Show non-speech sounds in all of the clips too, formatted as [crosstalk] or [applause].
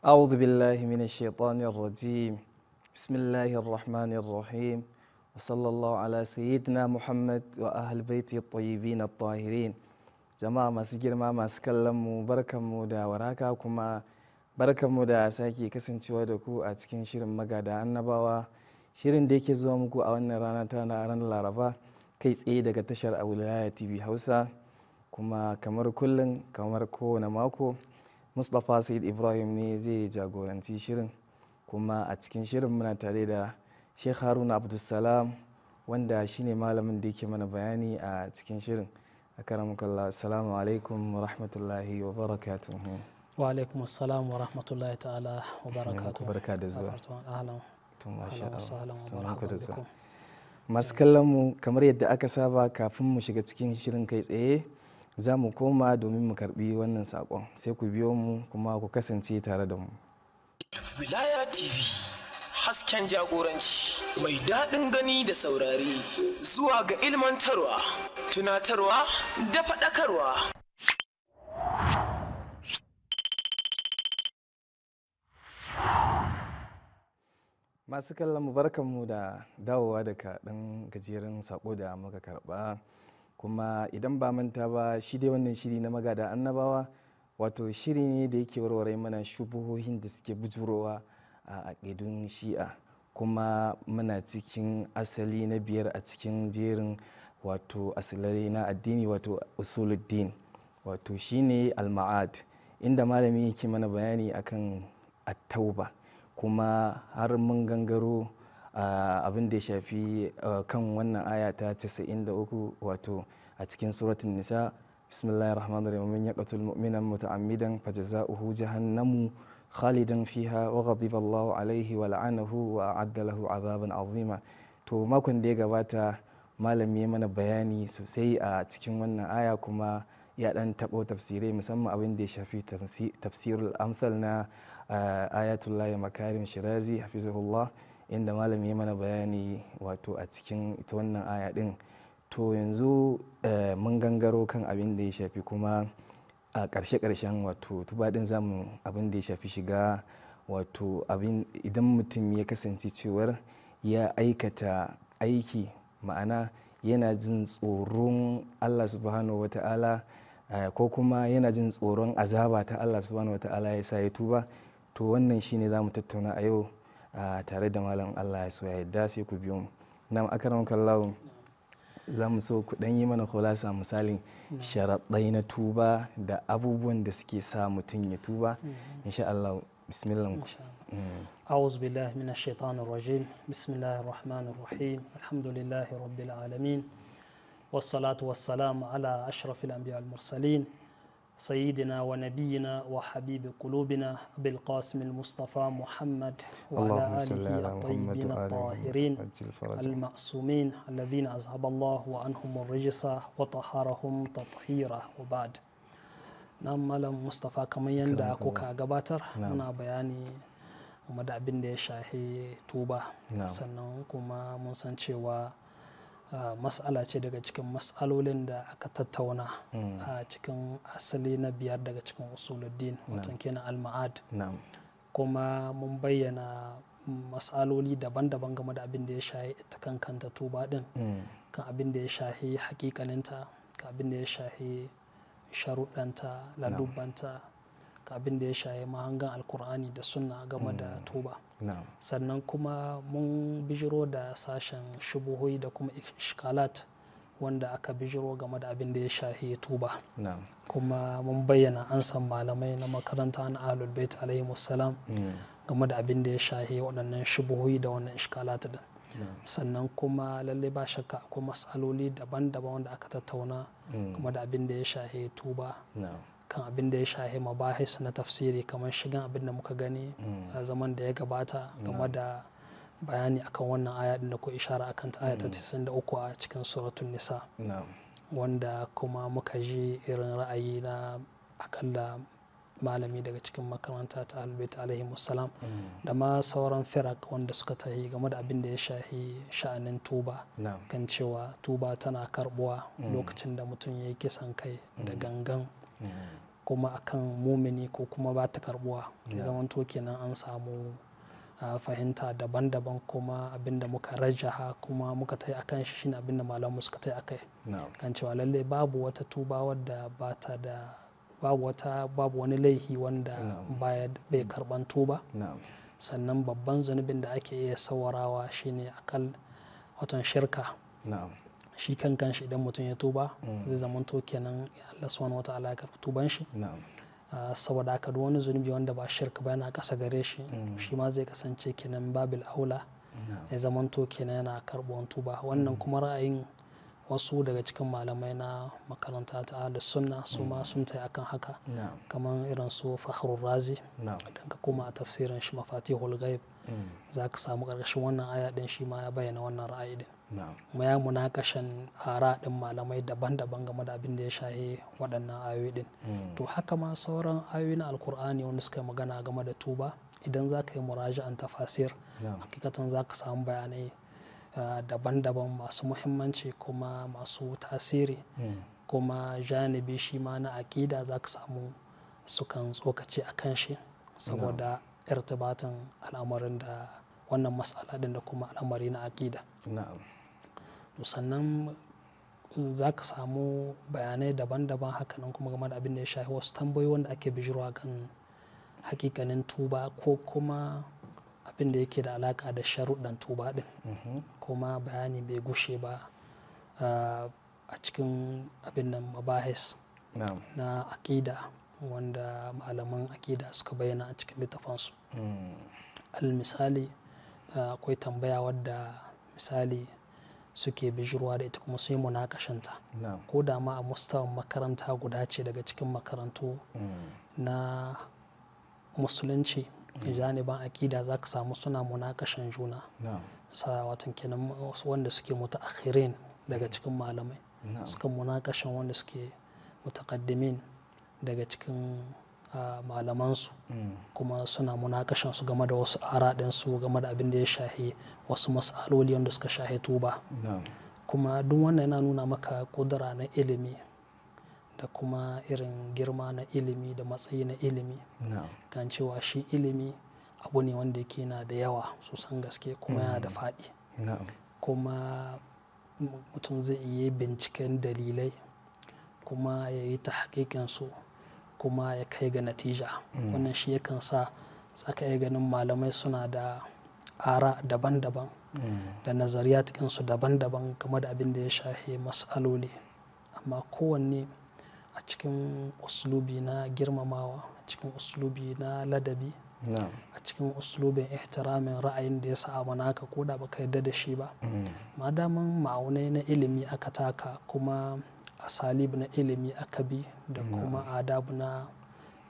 أعوذ بالله من الشيطان الرجيم بسم الله الرحمن الرحيم وصلى الله على سيدنا محمد وأهل بيته jama'a masu girma masu kallon mu barkanmu da waraka kuma mu da sake kasancewa da ku a cikin shirin magada annabawa shirin da yake zuwa muku a wannan rana ta ranar laraba kai tsaye daga tashar a wilaya tv hausa kuma kamar kullum kamar kowane mako mustapha said ibrahim ne zai jagoranci shirin kuma a cikin shirin muna tare da sheikh haruna abdulsalam wanda shine malamin da yake mana bayani a cikin shirin a karamukallah assalamu alaikum wa rahmatullahi wa barakatuhu wa alaikum assalam wa rahmatullahi ta'ala wa barakatuhu barka da zuwa masu kallon mu kamar yadda aka saba kafin mu shiga cikin shirin kai tsaye za mu koma domin mu karbi wannan sakon sai ku biyo mu kuma ku kasance tare da mu wilaya tv hasken jagoranci mai daɗin gani da saurari zuwa ga ilmantarwa tunatarwa da faɗakarwa masu kallon mu da dawowa daga ɗan gajeren sako da muka karɓa kuma idan ba manta ba shi dai wannan shiri na magada annabawa wato shiri ne da yake warware mana shubuhohin da suke bujurowa a aƙidun shi'a kuma muna cikin asali na biyar a cikin jerin wato asalari na addini wato usuluddin wato shine alma'ad inda malami yake mana bayani akan attauba kuma har mun gangaro abin da ya shafi kan wannan aya ta 93 wato a cikin suratun nisa bismillahir rahmanir rahim min yaqtul mu'mina muta'ammidan fajaza'uhu jahannamu khalidan fiha wa ghadiba Allahu alaihi wa la'anahu wa a'adda lahu 'adaban 'azima to makon da ya gabata malami ya mana bayani sosai a cikin wannan aya kuma ya dan tabo tafsirai musamman abin da ya shafi tafsirul amsal na ayatullahi makarim shirazi hafizahullah inda malam ya mana bayani wato a cikin ita wannan aya din to yanzu eh, mun gangaro kan abin da ya shafi kuma a ƙarshe ƙarshen wato tubadin zamu abin da ya shafi shiga wato abin idan mutum ya kasance cewar ya aikata aiki ma'ana yana jin tsoron allah subhanahu ta'ala eh, ko kuma yana jin tsoron azaba ta allah subhanahu wata'ala ya sa ya tuba to wannan shine za mu tattauna a yau tare da malam Allah ya so yadda sai ku biyo mu nam akaram kallahu za mu so ku ɗan yi mana khulasa misalin sharaɗai na tuba da abubuwan da suke sa mutum ya tuba mm-hmm. insha Allah bismillah ku أعوذ بالله من الشيطان الرجيم بسم الله الرحمن الرحيم الحمد لله رب العالمين والصلاة والسلام على أشرف الأنبياء المرسلين سيدنا ونبينا وحبيب قلوبنا أبي القاسم المصطفى محمد وعلى آله الطيبين الطاهرين المأسومين الذين أذهب الله عنهم الرجس وطهرهم تطهيرا وبعد نعم مالم مصطفى كما يندى كوكا غباتر أنا بياني game da abin da ya shahi tuba sannan kuma mun san cewa Ah, matsala ce daga cikin matsalolin da aka tattauna hmm. a ah, cikin asali na biyar daga cikin usuluddin watan kenan alma'ad kuma mun bayyana matsaloli daban-daban game da abin da ya shahi ita kan kanta tuba din hmm. kan abin da ya shahi hakikalinta kan abin da ya shahi sharuɗanta ladubanta. abin da ya shaye mahangan alkur'ani da sunna game da mm. tuba sannan kuma mun bijiro da sashen shubuhoyi da kuma ishkalat wanda aka bijiro game da abin da ya shahi tuba kuma mun bayyana an san malamai na makaranta na ahlul bait alaihi musallam mm. game da abin da ya shahi waɗannan shubuhoyi da wannan ishkalat din sannan kuma lalle ba shakka akwai matsaloli daban-daban wanda aka tattauna mm. game da abin da ya shahi tuba kan abin da ya shahi mabahis na tafsiri kamar shigan abin da muka gani hmm. a zaman da ya gabata game da bayani akan wannan aya da ko ishara akan ta aya ta 93 hmm. a cikin suratun nisa wanda kuma muka ji irin ra'ayi na akalla malami daga cikin makaranta ta albert alaihi musalam hmm. da ma sauran firak wanda suka tahi game da abin da ya shahi sha'anin tuba kan cewa tuba tana karbuwa lokacin da mutum ya yi kisan kai da gangan kuma akan mumini ko kuma ba ta karbuwa zaman zamanto kenan an samu fahimta daban-daban kuma abinda muka rajaha kuma muka tai akan shi shine abinda malamu suka tai akai kai. kan cewa lalle babu wata tuba wadda ba ta da babu wata babu wani laihi wanda baya bai karban tuba sannan babban zunubin da ake iya sawarawa shine akal watan shirka shi kan kanshi idan mutum ya tuba mm. zai zamanto kenan Allah subhanahu wa ta'ala ya karɓi tuban shi ah, saboda aka duk wani zunubi wanda ba shirka ba yana kasa gare shi mm. shi ma zai kasance kenan babil aula ya zamanto kenan yana karɓuwan tuba wannan mm. kuma ra'ayin wasu daga cikin malamai na makaranta ta da sunna su ma sun tai akan haka kamar irin su fakhrul razi idan ka koma a tafsirin shi mafatihul ghaib zaka samu ƙarƙashin wannan aya din shi ma ya bayyana wannan ra'ayi din kuma ya munakashan haraɗin malamai daban-daban game da abin da ya shahe waɗannan ayoyi din hmm. to haka ma sauran ayoyi na alkur'ani wanda suka yi magana game da tuba idan za ka yi muraja'an tafasir hakikatan za ka samu bayanai daban-daban masu muhimmanci kuma masu tasiri hmm. kuma janibi shi ma na aƙida za ka samu sukan tsokaci a kan shi saboda irtibatin al'amarin da wannan matsala ɗin da kuma al'amari na akida. Na'am. sannan za ka samu bayanai daban-daban hakanan kuma game da abin da ya shafi wasu tambayi wanda ake bijirwa kan hakikanin tuba ko kuma abin da yake da alaka da sharuɗan tuba ɗin mm-hmm. kuma bayani bai gushe ba a cikin abin nan mabahis na aƙida wanda malaman aƙida suka bayyana a cikin littafansu mm. al misali akwai tambaya wadda misali suke bijirwa da ita kuma sai munakashanta ko da ma a mustawan makaranta guda ce daga cikin makarantu mm. na musulunci mm. janiban akida za ka samu suna munakashan juna sa watan kenan wanda suke mutakirin mm. daga cikin malamai suka munakashin wanda suke mutakaddimin daga cikin malamansu kuma suna munakashan su game da wasu ara su game da abin da ya shahi wasu mas'aloli wanda suka shahi tuba kuma duk wannan yana nuna maka kudura na ilimi da kuma irin girma na ilimi da matsayi na ilimi kan cewa shi ilimi abu ne wanda yake na da yawa sosan gaske kuma yana da mm. faɗi kuma mutum zai iya binciken dalilai kuma ya yi ta su kuma ya kai ga natija mm. wannan shi yakan sa saka ya ganin malamai suna da ara daban-daban mm. da nazariya su daban-daban game da abin da ya shahe matsaloli amma kowanne a cikin uslubi na girmamawa a cikin uslubi na ladabi a cikin uslubin ihtiramin ra'ayin da ya sa manaka ko da baka yarda da shi ba mm. madaman ma'aunai na ilimi aka taka kuma asalib na ilimi aka bi da kuma adabu na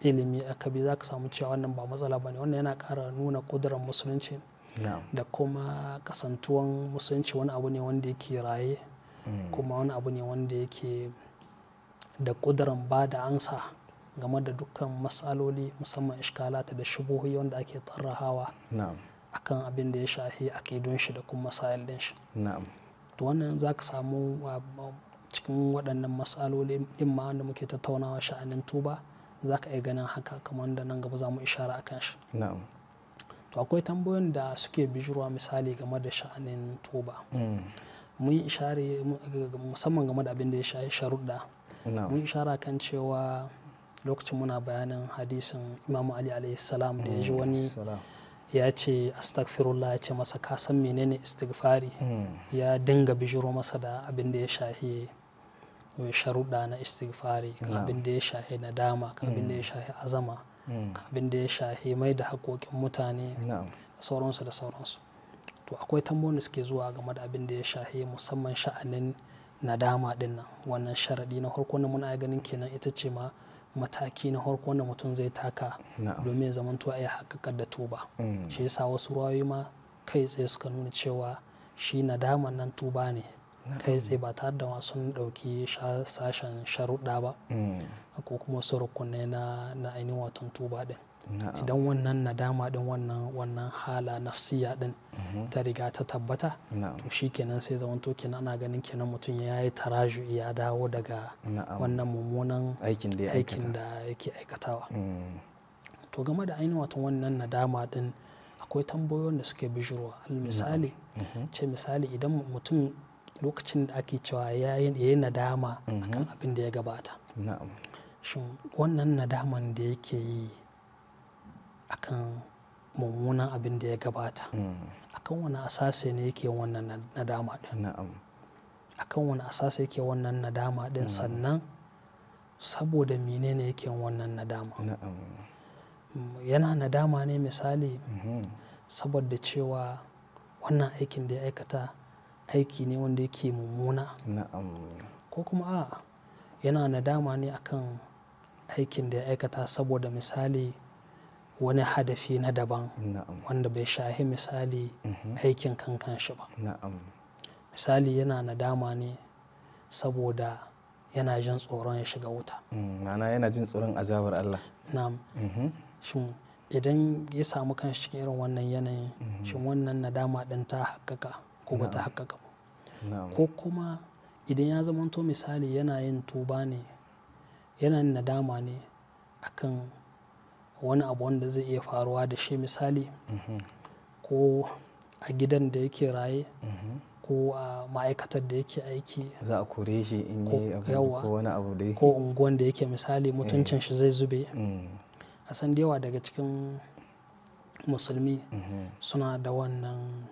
ilimi aka bi za ka samu cewa wannan ba matsala ba ne wannan yana kara nuna kudurar musulunci da kuma kasantuwan musulunci wani abu ne wanda yake raye mm. kuma wani abu ne wanda yake da kudurar ba da ansa game da dukkan matsaloli musamman ishkalata da shubuhi wanda ake tarrahawa akan abin da ya shafi akidun shi da kuma sa'il din shi to wannan za samu cikin waɗannan matsaloli ɗin ma wanda muke tattaunawa sha'anin tuba za ka iya ganin haka kamar da nan gaba za mu ishara a kan shi to akwai tambayoyin da suke bijirwa misali game da sha'anin tuba mm. mun yi ishari musamman game da abin da ya sha sharuɗa mun ishara kan cewa lokacin muna bayanin hadisin imam ali alayhi salam da ya ji mm, wani ya ce astagfirullah ya ce masa kasan san menene istighfari mm. ya dinga bijiro masa da abin da ya shafi sharuɗa na istighfari kan abin da ya shahi nadama Ka abin da ya mm. shahi azama mm. Ka abin da ya shahi mai da haƙoƙin mutane da sauransu da sauransu to akwai tambayoyin suke zuwa game da abin da ya shahi musamman sha'anin nadama din nan wannan sharaɗi na harko na muna ganin kenan ita ce ma mataki na harko wanda mutum zai taka domin ya zamanto a haƙaƙar da tuba mm. shi yasa wasu rayuwa ma kai tsaye suka nuna cewa shi nadama nan tuba ne kai sai ba tare da sun ɗauki sashen sharuɗa ba mm. ko kuma su na ainihin watan tuba ɗin idan wannan nadama ɗin wannan hala nafsiya ɗin mm-hmm. ta riga ta tabbata to shi kenan sai zaman to kenan ana ganin kenan mutum ya yi taraju ya dawo daga wannan mummunan aikin da yake aikatawa mm. to game da ainihin watan wannan nadama ɗin akwai tambayoyin da suke bijirwa misali mm-hmm. ce misali idan mutum lokacin da ake cewa ya yi nadama mhm. akan abin da ya gabata shin wannan nadaman da yake yi akan mummunan abin da ya gabata mm. akan wani asase ne yake wannan nadama din akan wani asase yake wannan nadama din sannan saboda menene yake wannan nadama mm, yana nadama ne misali mm-hmm. saboda cewa wannan aikin da ya aikata aiki ne wanda yake mummuna ko kuma a yana nadama ne akan aikin da ya aikata saboda misali wani hadafi na daban wanda bai shahi misali mhm. aikin kankan shi ba misali yana nadama ne saboda yana jin tsoron ya shiga wuta mm, ma'ana yana jin tsoron azabar Allah na'am mhm. shin idan ya samu kan cikin irin wannan yanayin mhm. shin wannan nadama ɗin ta haƙƙaƙa ko ba ta haƙƙaƙa ko kuma idan ya zamanto misali yana yin tuba ne yana yin nadama ne akan wani abu wanda zai iya faruwa da shi misali mhm. ko a gidan da yake raye mhm. ko a ma'aikatar da yake aiki za a kore shi in yi ko wani abu da ko unguwan da yake misali mutuncin eh. shi zai zube mm. a san da yawa daga cikin musulmi mhm. suna da wannan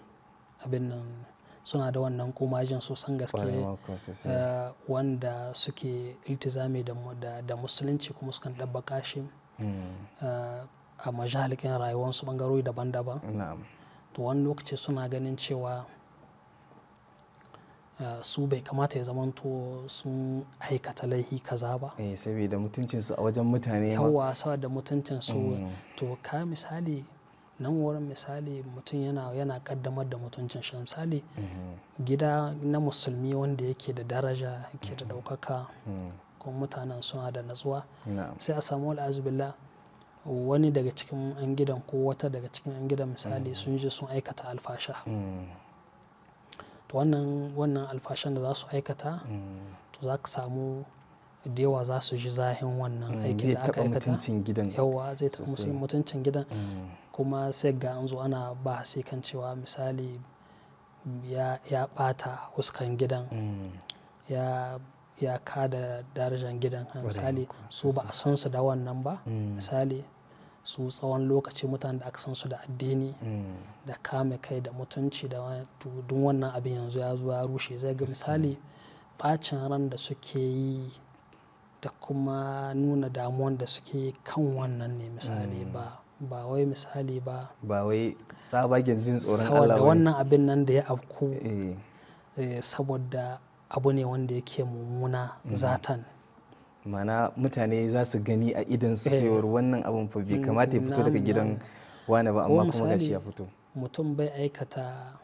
abin nan suna da wannan komajin sosan gaske eh, wanda suke iltizami da musulunci kuma sukan ɗabba shi hmm. eh, a majalikin rayuwarsu bangarori daban-daban to wani lokaci suna ganin cewa eh, su bai kamata ya zamanto sun aikata laihi kaza ba eh saboda mutuncinsu a wajen mutane yawa saboda mutuncinsu hmm. to ka misali nan wurin misali mutum yana yana kaddamar da mutuncin shi misali mm-hmm. gida na musulmi wanda yake da daraja yake da mm-hmm. ɗaukaka mm-hmm. kuma mutanen suna da natsuwa sai a samu al'azubillah wani daga cikin an gidan ko wata daga cikin an gidan misali sun je sun aikata alfasha to wannan wannan alfashan da za su aikata to za ka samu da yawa za su ji zahin wannan aikin da aka aikata yawa zai taɓa mutuncin gidan kuma sai ga an ana ba sai kan cewa misali ya, bata huskan gidan mm. ya ka kada darajar gidan misali su ba a san su da wannan ba mm. misali su tsawon lokaci mutane da aka san su da addini mm. da kame kai da mutunci da duk wannan abin yanzu ya zo ya rushe zai ga misali bacin ran da suke yi da kuma nuna damuwan da suke kan wannan ne misali ba ba wai misali ba ba wai tsabagen jin tsoron Allah saboda wannan abin nan da ya afku eh. Eh, saboda abu ne wanda yake mummuna mm-hmm. zatan mana mutane za su gani a idan su eh. cewar wannan abin fa bai kamata ya fito daga gidan wani ba amma kuma gashi ya fito mutum bai aikata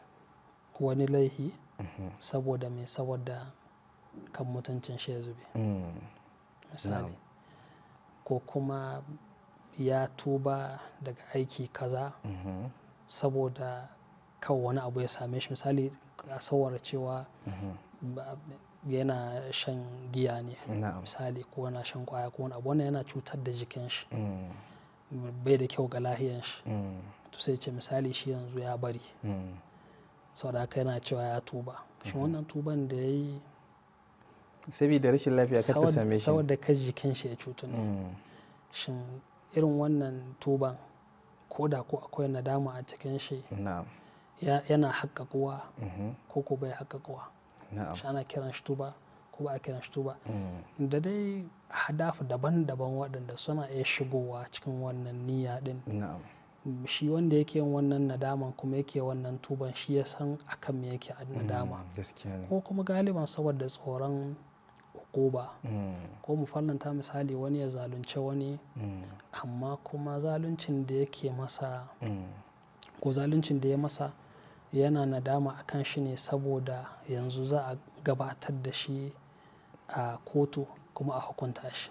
wani laihi mm-hmm. saboda mai saboda kan mutuncin shi ya zube mm. misali ko kuma ya tuba daga aiki kaza mm-hmm. saboda kawai wani abu ya same shi misali a sawar cewa mm-hmm. yana shan giya ne misali ko yana shan kwaya ko wani abu wannan yana cutar da jikin shi mm. bai da kyau ga lahiyan shi mm. to sai ce misali shi yanzu ya bari mm. saboda haka yana cewa ya tuba shi mm-hmm. wannan tuban da ya yi Sabida rashin lafiya kar ta same shi saboda kan jikin shi ya cutu ne shin irin wannan tuban ko da ko akwai nadama a cikin shi yana haƙaƙuwa mm-hmm. ko ko bai haƙaƙuwa shi ana kiran shi tuba ko ba a kiran shi tuba mm. da dai hadafu daban-daban waɗanda suna iya shigowa cikin wannan niyya ɗin shi wanda yake yin wannan nadaman kuma yake wannan tuban shi ya san akan me yake a mm, nadama ko kuma galiban saboda tsoron ba mm. ko mu fallanta misali wani ya zalunce wani mm. amma kuma zaluncin da yake masa mm. ko zaluncin da ya masa yana nadama a kan shi ne saboda yanzu za a gabatar da shi a kotu kuma a hukunta shi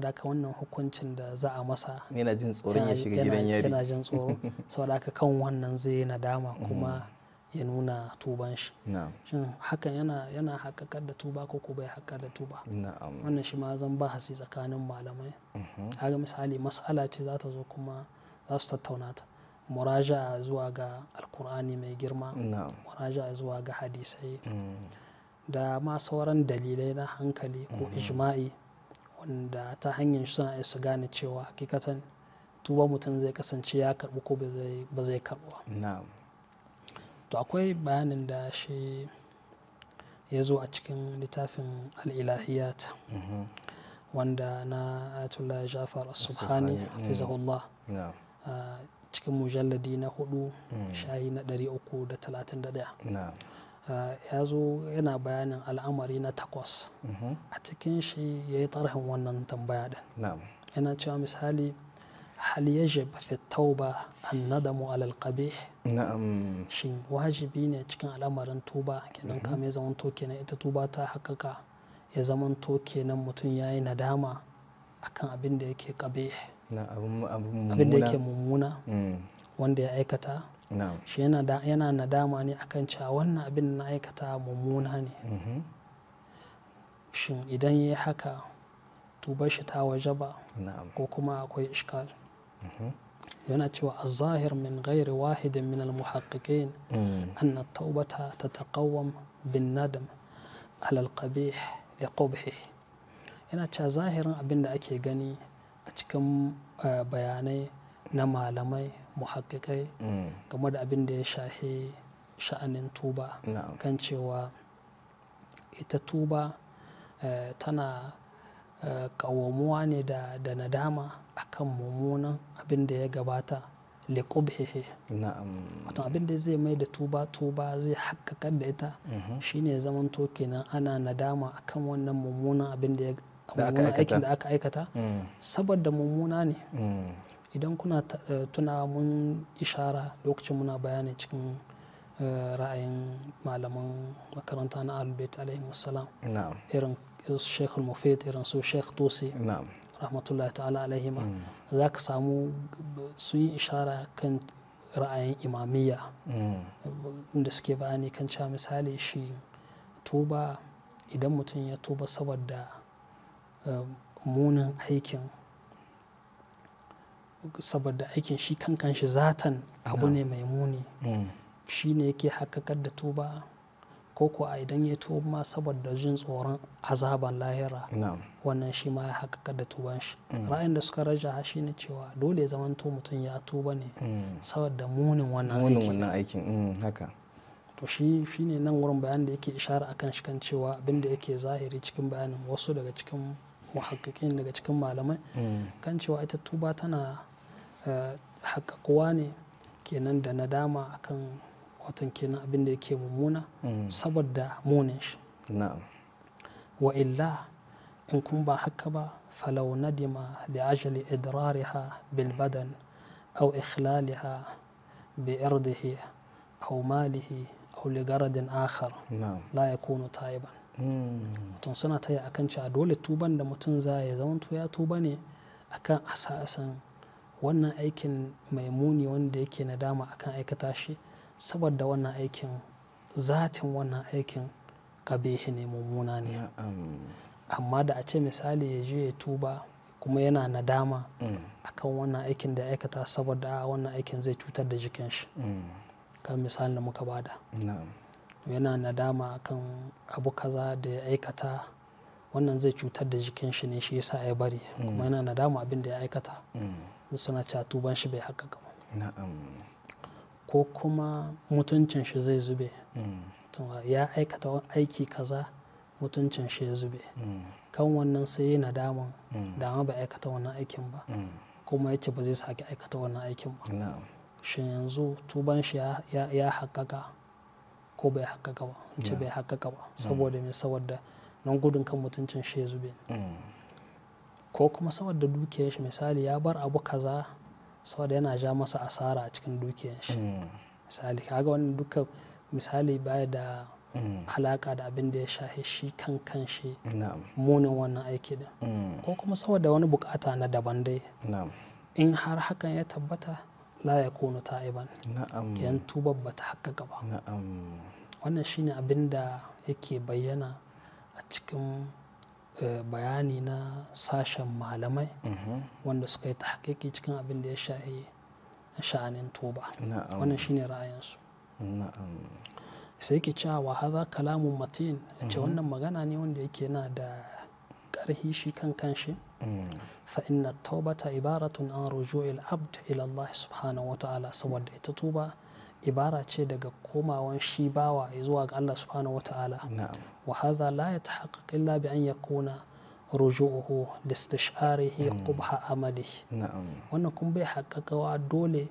da aka wannan hukuncin da za a masa yana jin tsoron ya shiga gidan yari yana jin tsoro [laughs] saboda haka kan wannan zai nadama kuma ya nuna tuban shi shin hakan yana yana haƙaƙar da tuba ko bai haƙaƙar da tuba wannan shi ma zan hasi tsakanin malamai har mhm. misali mas'ala ce za ta zo kuma za su tattauna ta muraja zuwa ga alkur'ani mai girma muraja zuwa ga hadisai mm. da ma sauran dalilai na hankali ko mhm. ijma'i wanda ta hanyar suna su gane cewa hakikatan tuba mutum zai kasance ya karɓi ko ba zai karbu to akwai bayanin da shi ya zo a cikin littafin al'ilahiyat mhm. wanda na ayatollah jafar subhani mm. hafizahullah cikin mujalladi na hudu mm. shayi na da 331 ya zo yana bayanin al'amari na takwas mm-hmm. a cikin shi ya yi tarhin wannan tambaya din yana cewa misali hal yajib fi tauba an nadamu alal qabih na'am shin wajibi ne cikin al'amarin tuba kenan ka mai zamanto kenan ita tuba ta haƙaƙa ya zamanto kenan mutum yayi nadama akan abin da yake qabih abin da yake mummuna wanda ya aikata shi yana nadama ne akan cewa wannan abin na aikata mummuna ne shin idan ya haka tubar shi ta waje ba ko kuma akwai ishkal yana cewa zahir min ghairi wahidin min almuhaqqiqin anna ta taubata tataqawwam bin nadam ala al li qubhihi yana cewa zahirin abin da ake gani a cikin bayanai na malamai muhakkikai game da abin da ya shahi sha'anin tuba kan cewa ita tuba tana kawomuwa ne da nadama akan mummunan abin da ya gabata liqubhihi na'am wato abin da zai mai da tuba tuba zai hakkaka da ita mhm. shine zaman to kenan ana nadama akan wannan mummunan abin da ya aikin da aka aikata mm. saboda mummuna ne mm. idan kuna eh, tuna mun ishara lokacin muna bayani cikin eh, ra'ayin malaman makaranta na albert alaihi wasalam irin shekul mufid irin su shekh tusi rahmatullahi ta'ala alaihima mm. za ka samu sun yi ishara kan ra'ayin imamiyya mm. inda suke bayani kan cewa misali shi tuba idan mutum ya tuba saboda um, munin aikin saboda aikin shi kankan shi zatan abu ne mai muni mm. shi ne yake haƙaƙar da tuba ko ko a idan ya tuba saboda jin tsoron azaban lahira wannan shi ma ya haƙaƙa da tuban shi mm. ra'ayin da suka raja shi ne cewa dole ya zamanto mutum ya tuba ne mm. saboda munin wannan aikin mm, haka to shi ne nan wurin bayan da yake ishara akan shi kan cewa abin da yake zahiri cikin bayanin wasu daga cikin muhakkakin daga cikin malamai kan cewa ita tuba tana eh, haƙaƙuwa ne kenan da nadama akan watan kenan abin da yake mummuna mm. saboda munin shi wa illa in kun ba haka ba falau nadima li ajali idrariha bil badan aw ikhlaliha bi irdihi aw malihi aw li garadin akhar la yakunu taiban mm. mutum suna taya akan cewa dole tuban da mutum za ya zama ya tuba ne akan asasin wannan aikin mai muni wanda yake nadama akan aikata shi saboda wannan aikin zatin wannan aikin kabehi ne mummuna ne amma da a ce misali ya je ya tuba kuma yana nadama mm. akan wannan aikin da aikata saboda wannan aikin zai cutar da jikin shi mm. kan misalin da muka bada yana nadama akan abu kaza da ya aikata wannan zai cutar da jikin shi ne shi yasa ya bari mm. kuma yana nadama abin da ya aikata suna cewa tuban shi bai haƙa kama. ko kuma mutuncin shi zai zube mm. ya aikata aiki kaza mutuncin shi ya zube mm. kan wannan sai yana damun mm. dama ba aikata wannan aikin ba kuma yake ba zai sake aikata wannan aikin ba shin yanzu tuban shi ya haƙaƙa ko bai haƙaƙa ba ce bai haƙaƙa ba saboda mai saboda nan gudun kan mutuncin shi ya zube ko kuma saboda dukiyar shi misali ya bar abu kaza saboda yana ja masa asara a cikin dukiyar shi mm. misali kaga wani duka misali baya da mm. alaka da abin da ya shahi shi kan kan shi munin wannan aiki din mm. ko kuma saboda wani bukata na daban dai in har hakan ya tabbata la ya kono iban kiyan tubar ba ta haka gaba wannan shine abin da yake bayyana a cikin Eh, bayani na sashen malamai mhm. wanda suka yi tahqiqi cikin abin da ya shahi sha'anin tuba wannan shine ra'ayinsu sai ke cewa wa haza kalamun matin ce mhm. wannan magana ne wanda yake na da ƙarhi shi kan kanshi mm. fa inna taubata ibaratun an ruju'il abd ila Allah subhanahu wa ta'ala saboda ita tuba ibara ce daga komawan shi bawa zuwa ga Allah subhanahu wata'ala wa haza la yatahaqqaq illa bi an yakuna ruju'uhu da istisharihi hmm. qubha amali wannan kun bai haƙaƙawa dole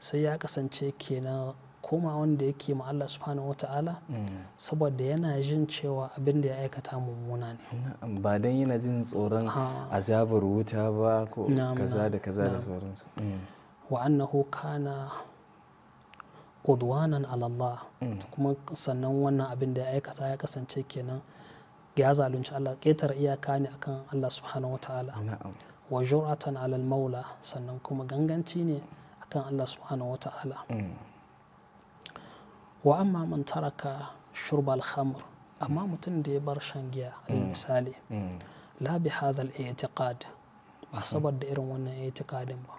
sai ya kasance kenan koma wanda yake ma Allah subhanahu wata'ala hmm. saboda yana jin cewa abin da ya aikata mummuna ne ba dan yana jin tsoron azabar wuta ba ko kaza da kaza da sauransu hmm. wa annahu kana udwanan alallah mm. kuma sannan wannan abin da ya aikata ya kasance kenan ya zalunci Allah ƙetar iyaka ne akan Allah subhanahu wa ta'ala wa jur'atan alal maula sannan kuma ganganci ne akan Allah subhanahu wa ta'ala mm. wa amma man taraka shurbal khamr amma mutum da ya bar shan giya mm. misali la bi hadha al i'tiqad ba saboda irin wannan i'tiqadin ba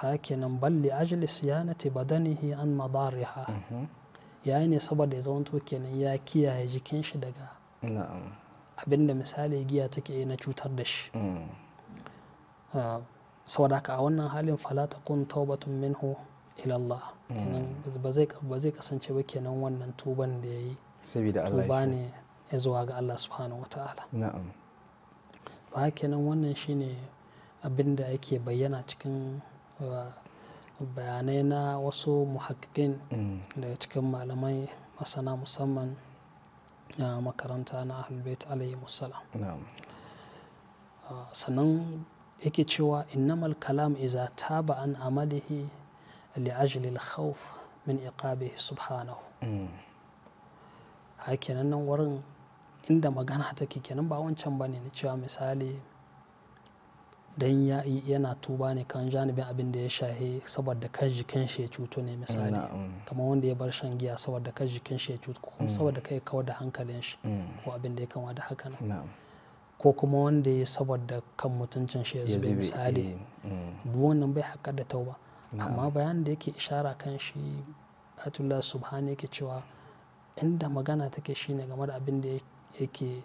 hakinan balli ajli siyanati badanihi an madariha mhm. ya ne saboda ya zamanto kenan ya kiyaye jikin shi daga abinda misali giya take na cutar da shi mm. ah, saboda haka a wannan halin falata kun taubatun minhu ilallah mm. ba zai kasance ba kenan wannan tuban da ya yi tuba ne ya zuwa ga Allah subhanahu wata'ala ba kenan wannan shine abin da ake bayyana cikin bayanai na wasu muhakkikin daga cikin malamai masana musamman na makaranta na ahlulbait alayhi musallam ah, sannan yake cewa innamal kalam iza taba an amalihi li ajlil khawf min iqabihi subhanahu mm. hakenan nan wurin inda magana take kenan ba wancan bane na cewa misali dan yana tuba ne kan janibin abin da ya shahe saboda kan jikin shi ya cuto ne misali kamar wanda ya bar shan giya saboda kan jikin shi ya cuto ko kuma mm. saboda kai kawar da hankalin shi mm. ko abin da ya kama da haka nan ko kuma wanda ya saboda kan mutuncin shi ya zube misali eh, mm. duk wannan bai haƙa da tauba amma bayan da yake ishara kan shi atullah subhanahu yake cewa inda magana take shine game da abin da yake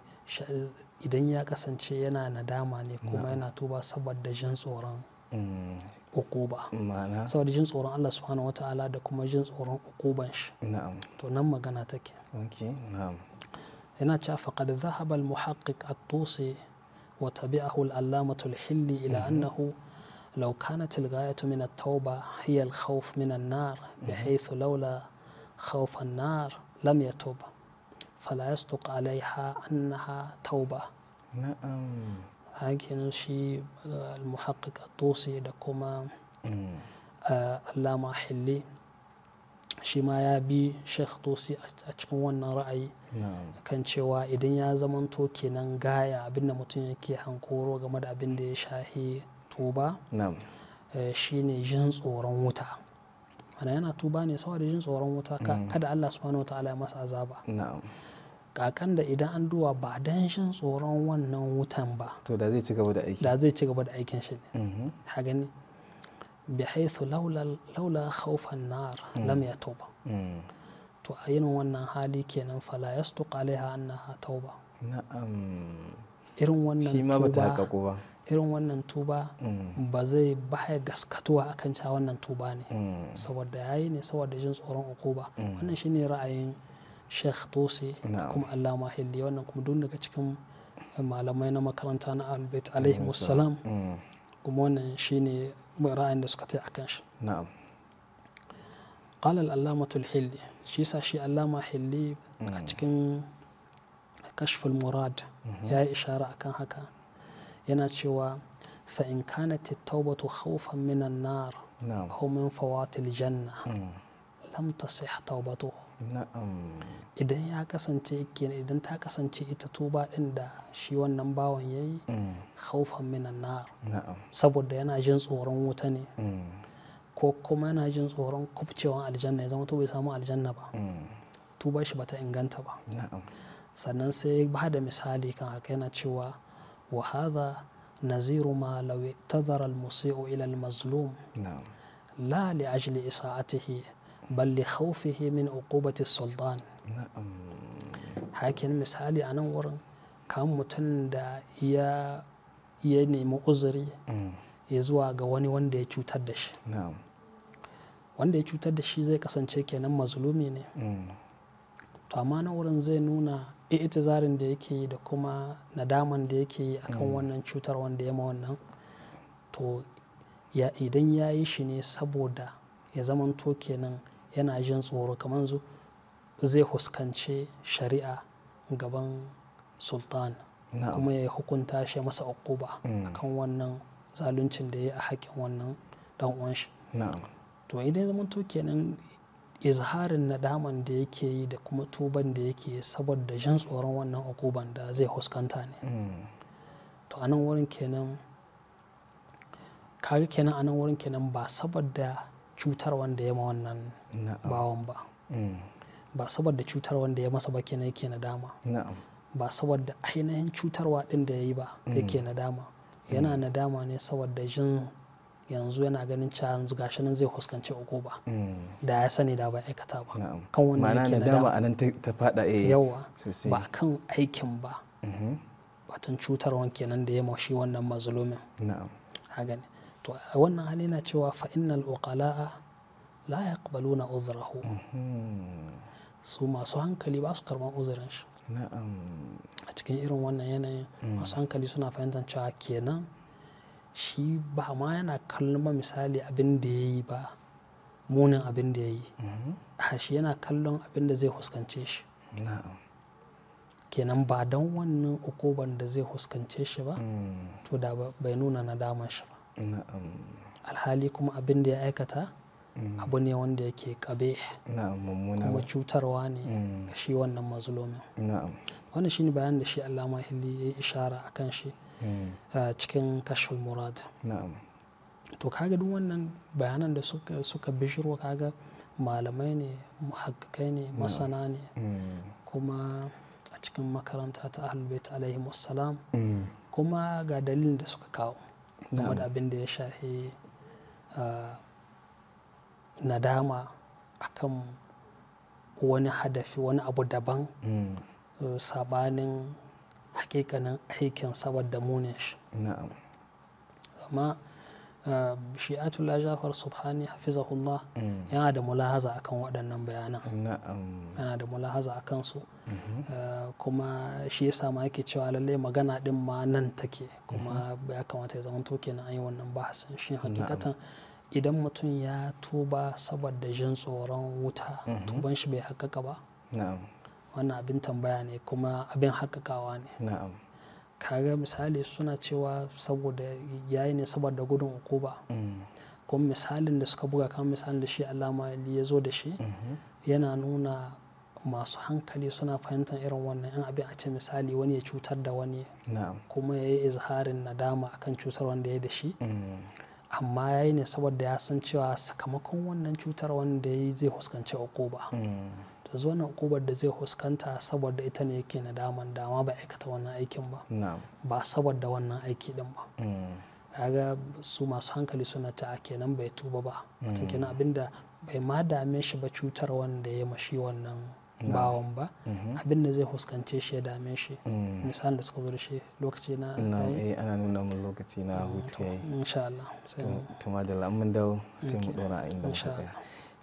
idan ya kasance yana nadama ne kuma yana tuba saboda jin tsoron mm. ukuba saboda jin tsoron Allah subhanahu wata'ala da kuma jin tsoron ukuban shi to nan magana take yana cewa faqad dhahaba al-muhaqqiq at-tusi wa tabi'ahu al-allamatu al-hilli ila mhm. annahu laukana كانت الغاية tauba التوبة هي nar من النار بحيث لولا خوف nar لم يتوب fala yasduq alaiha annaha tauba na'am hakin shi al-muhaqqiq da kuma allama hilli shi ma ya bi sheikh Tosi a cikin wannan ra'ayi kan cewa idan ya zamanto kenan gaya abinda mutum yake hankoro game da abin da ya shahi tuba shine jin tsoron wuta ana yana tuba ne saboda jin tsoron wuta mm. kada Allah subhanahu wa ta'ala ya masa azaba kakan da idan an duwa ba dan shin tsoron wannan wutan ba to da zai ci gaba da aiki da zai ci gaba da aikin shi ne ha mm-hmm. gani bi haythu laula laula khawfan nar mm. lam yatuba mm. to a yin wannan hali kenan fala yastuq alaiha annaha tauba na'am irin wannan shi ma bata ba irin wannan tuba mm. ba zai baya gaskatuwa akan cewa wannan tuba ne mm. saboda yayi ne saboda jin tsoron ukuba mm. wannan shine ra'ayin Sheikh tosi kuma Allama Hilli wannan kuma duk daga cikin malamai na makaranta na Albert alaihi wassalam kuma wannan shine ra'ayin da suka ta akan shi qalal qala al-allama al-hilli shi sa shi allama hilli a cikin kashful murad mm-hmm. ya yi ishara akan haka yana cewa fa’in kana kanat at-tawbatu nar aw min fawatil janna mm. lam tasih tawbatuhu idan ya kasance kenan idan ta kasance ita tuba din da shi wannan bawan yayi yi mm. haufan minan nar saboda yana jin tsoron wuta ne mm. ko kuma yana jin tsoron kubcewan aljanna ya zama to bai samu aljanna ba tuba shi bata inganta ba sannan sai ba da misali kan haka yana cewa وهذا نذير ما لو اعتذر المسيء إلى المظلوم نعم. لا لأجل إساءته بل لخوفه من عقوبة السلطان نعم. hakin misali anan wurin kan mutum da ya ya nemi uzuri ya zuwa ga wani wanda ya cutar da shi wanda ya cutar da shi zai kasance kenan mazlumi ne to amma na wurin zai nuna i'tizarin da yake yi da kuma nadaman da yake yi akan hmm. wannan cutar wanda ya ma wannan to idan ya yi shi ne saboda ya zamanto kenan yana jin tsoro kamar zu zai huskance shari'a gaban sultan kuma ya hukunta shi masa ukuba hmm. akan wannan zaluncin da ya yi a haƙƙin wannan dan uwan shi to idan kenan izharin nadaman da yake yi da kuma tuban da yake saboda jin tsoron wannan hukuban da zai huskanta ne hmm. to anan wurin kenan kaga kenan anan wurin kenan ba saboda cutar wanda ya ma wannan bawan ba hmm. ba saboda cutar wanda ya masa ba kenan yake nadama ba saboda ainihin cutarwa din da ya yi ba hmm. yake nadama yana nadama ne saboda jin yanzu yana ganin cewa yanzu gashi nan zai fuskanci ukuba mm. da ya sani da ba aikata ba kan wanda yake na dama nan ta fada eh yawa ba kan aikin ba mm-hmm. cutar wanke nan da ya maushi wannan mazlumin na'am hagan to wannan hali na cewa fa innal uqala'a la yaqbaluna uzrahu mm-hmm. su masu hankali ba su karban uzurin shi na'am a cikin irin wannan yanayin mm. masu hankali suna fahimtar cewa kenan shi ba ma yana kallon ba misali abin da ya yi ba munin abin da ya yi mm-hmm. shi yana kallon abin da zai huskance shi kenan ba don wannan ukuban da zai huskance shi ba mm. to da bai nuna nadaman shi ba alhali kuma abin da ya aikata mm. abu ne wanda yake kabe kuma cutarwa ne mm. ga shi wannan mazlumin wannan ne bayan da shi allama hili ya yi ishara akan shi Hmm. Ah, cikin kashful murad to kaga duk wannan bayanan da suka bishiro kaga malamai ne muhakkai ne masana ne hmm. kuma a cikin makaranta ta ahlulbait alaihi wassalam hmm. kuma ga dalilin da suka kawo game da abin da ya shahi ah, nadama akan wani hadafi wani abu daban ah, sabanin hakikanin aikin saboda munin shi na'am amma eh, jafar subhani hafizahullah mm. yana da mulahaza akan waɗannan bayanan yana da mulahaza akan su mm-hmm. eh, kuma shi yasa ma yake cewa lallai magana din ma nan take kuma mm-hmm. ya kamata ya zama to kenan an yi wannan bahasin shi hakikatan idan mutum ya tuba saboda jin tsoron wuta mm-hmm. tuban shi bai haƙaƙa ba wannan abin tambaya ne kuma abin haƙaƙawa ne kaga misali suna cewa saboda yayi ne saboda gudun ukuba mm. kuma misalin da suka buga kan misalin da shi alama ya zo da shi mm-hmm. yana nuna masu hankali suna fahimtar irin wannan yan abin a ce misali wani ya cutar da wani kuma ya yi izharin nadama akan cutar wanda ya da shi mm. amma ya yi ne saboda ya san cewa sakamakon wannan cutar wanda ya yi zai fuskanci ukuba. Mm. ya zo wannan ukubar da zai huskanta saboda ita ne yake nadaman dama ba aikata wannan aikin ba ba saboda wannan aiki din ba mm. kaga su masu hankali suna ta a kenan bai tuba ba wata mm. kenan abinda bai ma dame shi ba cutar wanda ya mashi wannan bawan ba mm-hmm. abin da zai huskance shi ya dame shi mm. misalin da suka zo da shi lokaci na eh ana nuna mun lokaci na hutu yayi insha Allah sai to madalla mun dawo sai mu dora a inda muka tsaya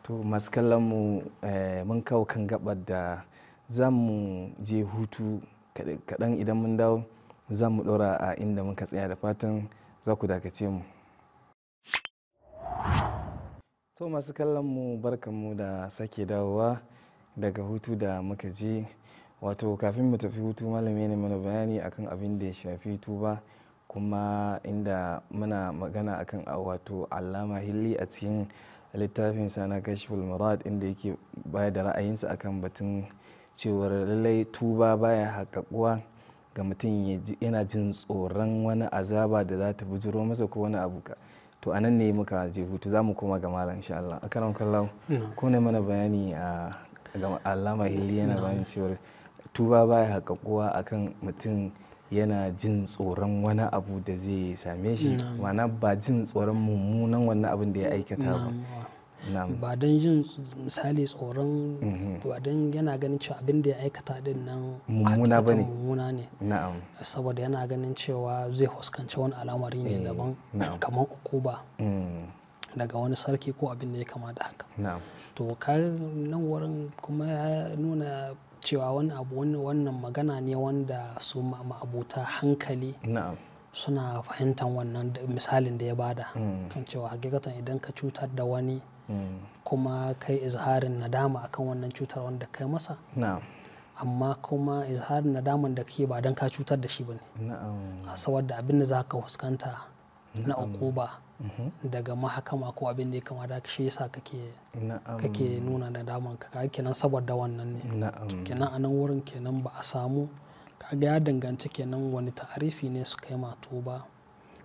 to masu kallon mu eh, mun kawo kan gabar da za mu je hutu kaɗan idan mun dawo za mu ɗora a inda muka tsaya da fatan za ku dakace mu to masu kallon mu barkanmu da sake dawowa daga hutu da muka je wato kafin mu tafi hutu malami ne mana bayani akan abin da ya shafi tuba kuma inda muna magana akan wato alama hilli a cikin littafinsa na kashful murad inda yake bayar da ra'ayinsa akan batun cewar lallai tuba baya haƙaƙuwa ga mutum yana jin tsoron wani azaba da za ta bujiro masa ko wani abu ka to a ne muka je hutu za mu koma ga malam insha Allah akaram kallahu ko ne mana bayani a ga alama hilli yana bayan cewar tuba baya haƙaƙuwa akan mutum yana jin tsoron wani abu da zai same shi mana ba jin tsoron mummunan wani abin da ya aikata ba ba don jin misali tsoron mhm. ba don yana ganin cewa abin da ya aikata din nan mummuna ba ne mummuna ne saboda yana ganin cewa zai fuskanci wani al'amari ne eh, daban kamar uku ba. Mm. daga wani sarki ko abin da ya kama da haka to nan wurin kuma ya nuna cewa wani abu wannan magana ne wanda su ma'abuta hankali suna fahimtar wannan misalin da ya bada mm. kan cewa hakikatan idan ka cutar da wani mm. kuma kai izharin nadama akan wannan cutar wanda kai masa amma kuma izharin nadaman da ke ba don ka cutar da shi ba ne a sawar da abin da za ka fuskanta na ukuba mhm. daga mahakama ko abin da ya kama da shi yasa kake kake nuna da daman ka kenan saboda wannan ne kenan a nan wurin kenan ba a samu kaga ya danganci kenan wani ta'arifi ne su kai mato ba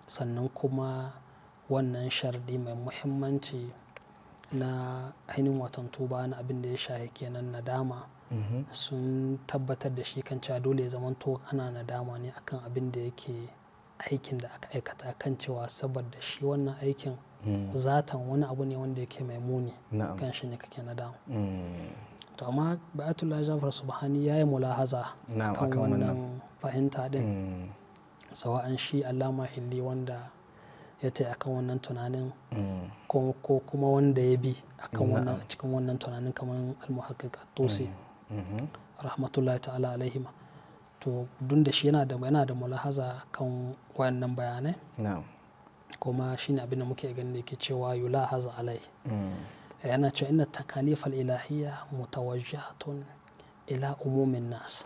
sannan kuma wannan shardi mai muhimmanci na ainihin watan tuba na abin da ya shahi kenan nadama mhm. sun tabbatar da shi kan cewa dole ya zamanto ana nadama ne akan abin da yake aikin da aka aikata kan cewa saboda shi wannan aikin hmm. zatan wani abu ne wanda yake mai muni kan shi ne kake damu hmm. to amma ba'atullah jafar subhani ya yi mulahaza kan wannan fahimta din hmm. sawa'an shi alama hilli wanda ya ta akan wannan tunanin ko kuma wanda ya bi akan wannan cikin wannan tunanin kamar almuhaqqiq at-tusi rahmatullahi ta'ala alaihima to dun da shi yana da yana da mulahaza kan wayannan bayanai kuma shine abin da muke ganin yake cewa yula haza alai mm. eh, yana cewa ina takalifal ilahiyya mutawajjatun ila umumin nas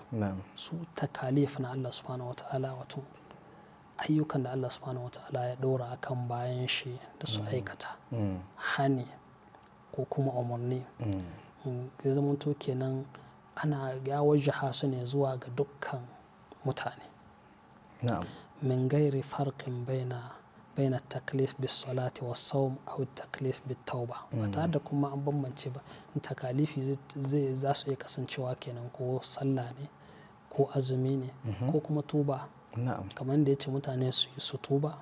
su takalif na Allah subhanahu wataala wato ayyukan da Allah subhanahu wataala ya dora akan bayan shi da su mm. aikata mm. hani ko kuma umarni zai zama to kenan ana ya wajaha su ne zuwa ga dukkan mutane min gairi farkin baina baina taklif bis salati was a aw taklif bit tauba ba mm. tare da kuma an bambance ba in takalifi zai za su iya kasancewa kenan ko sallah ne ko azumi ne mm-hmm. ko kuma tuba kamar da ya ce mutane su tuba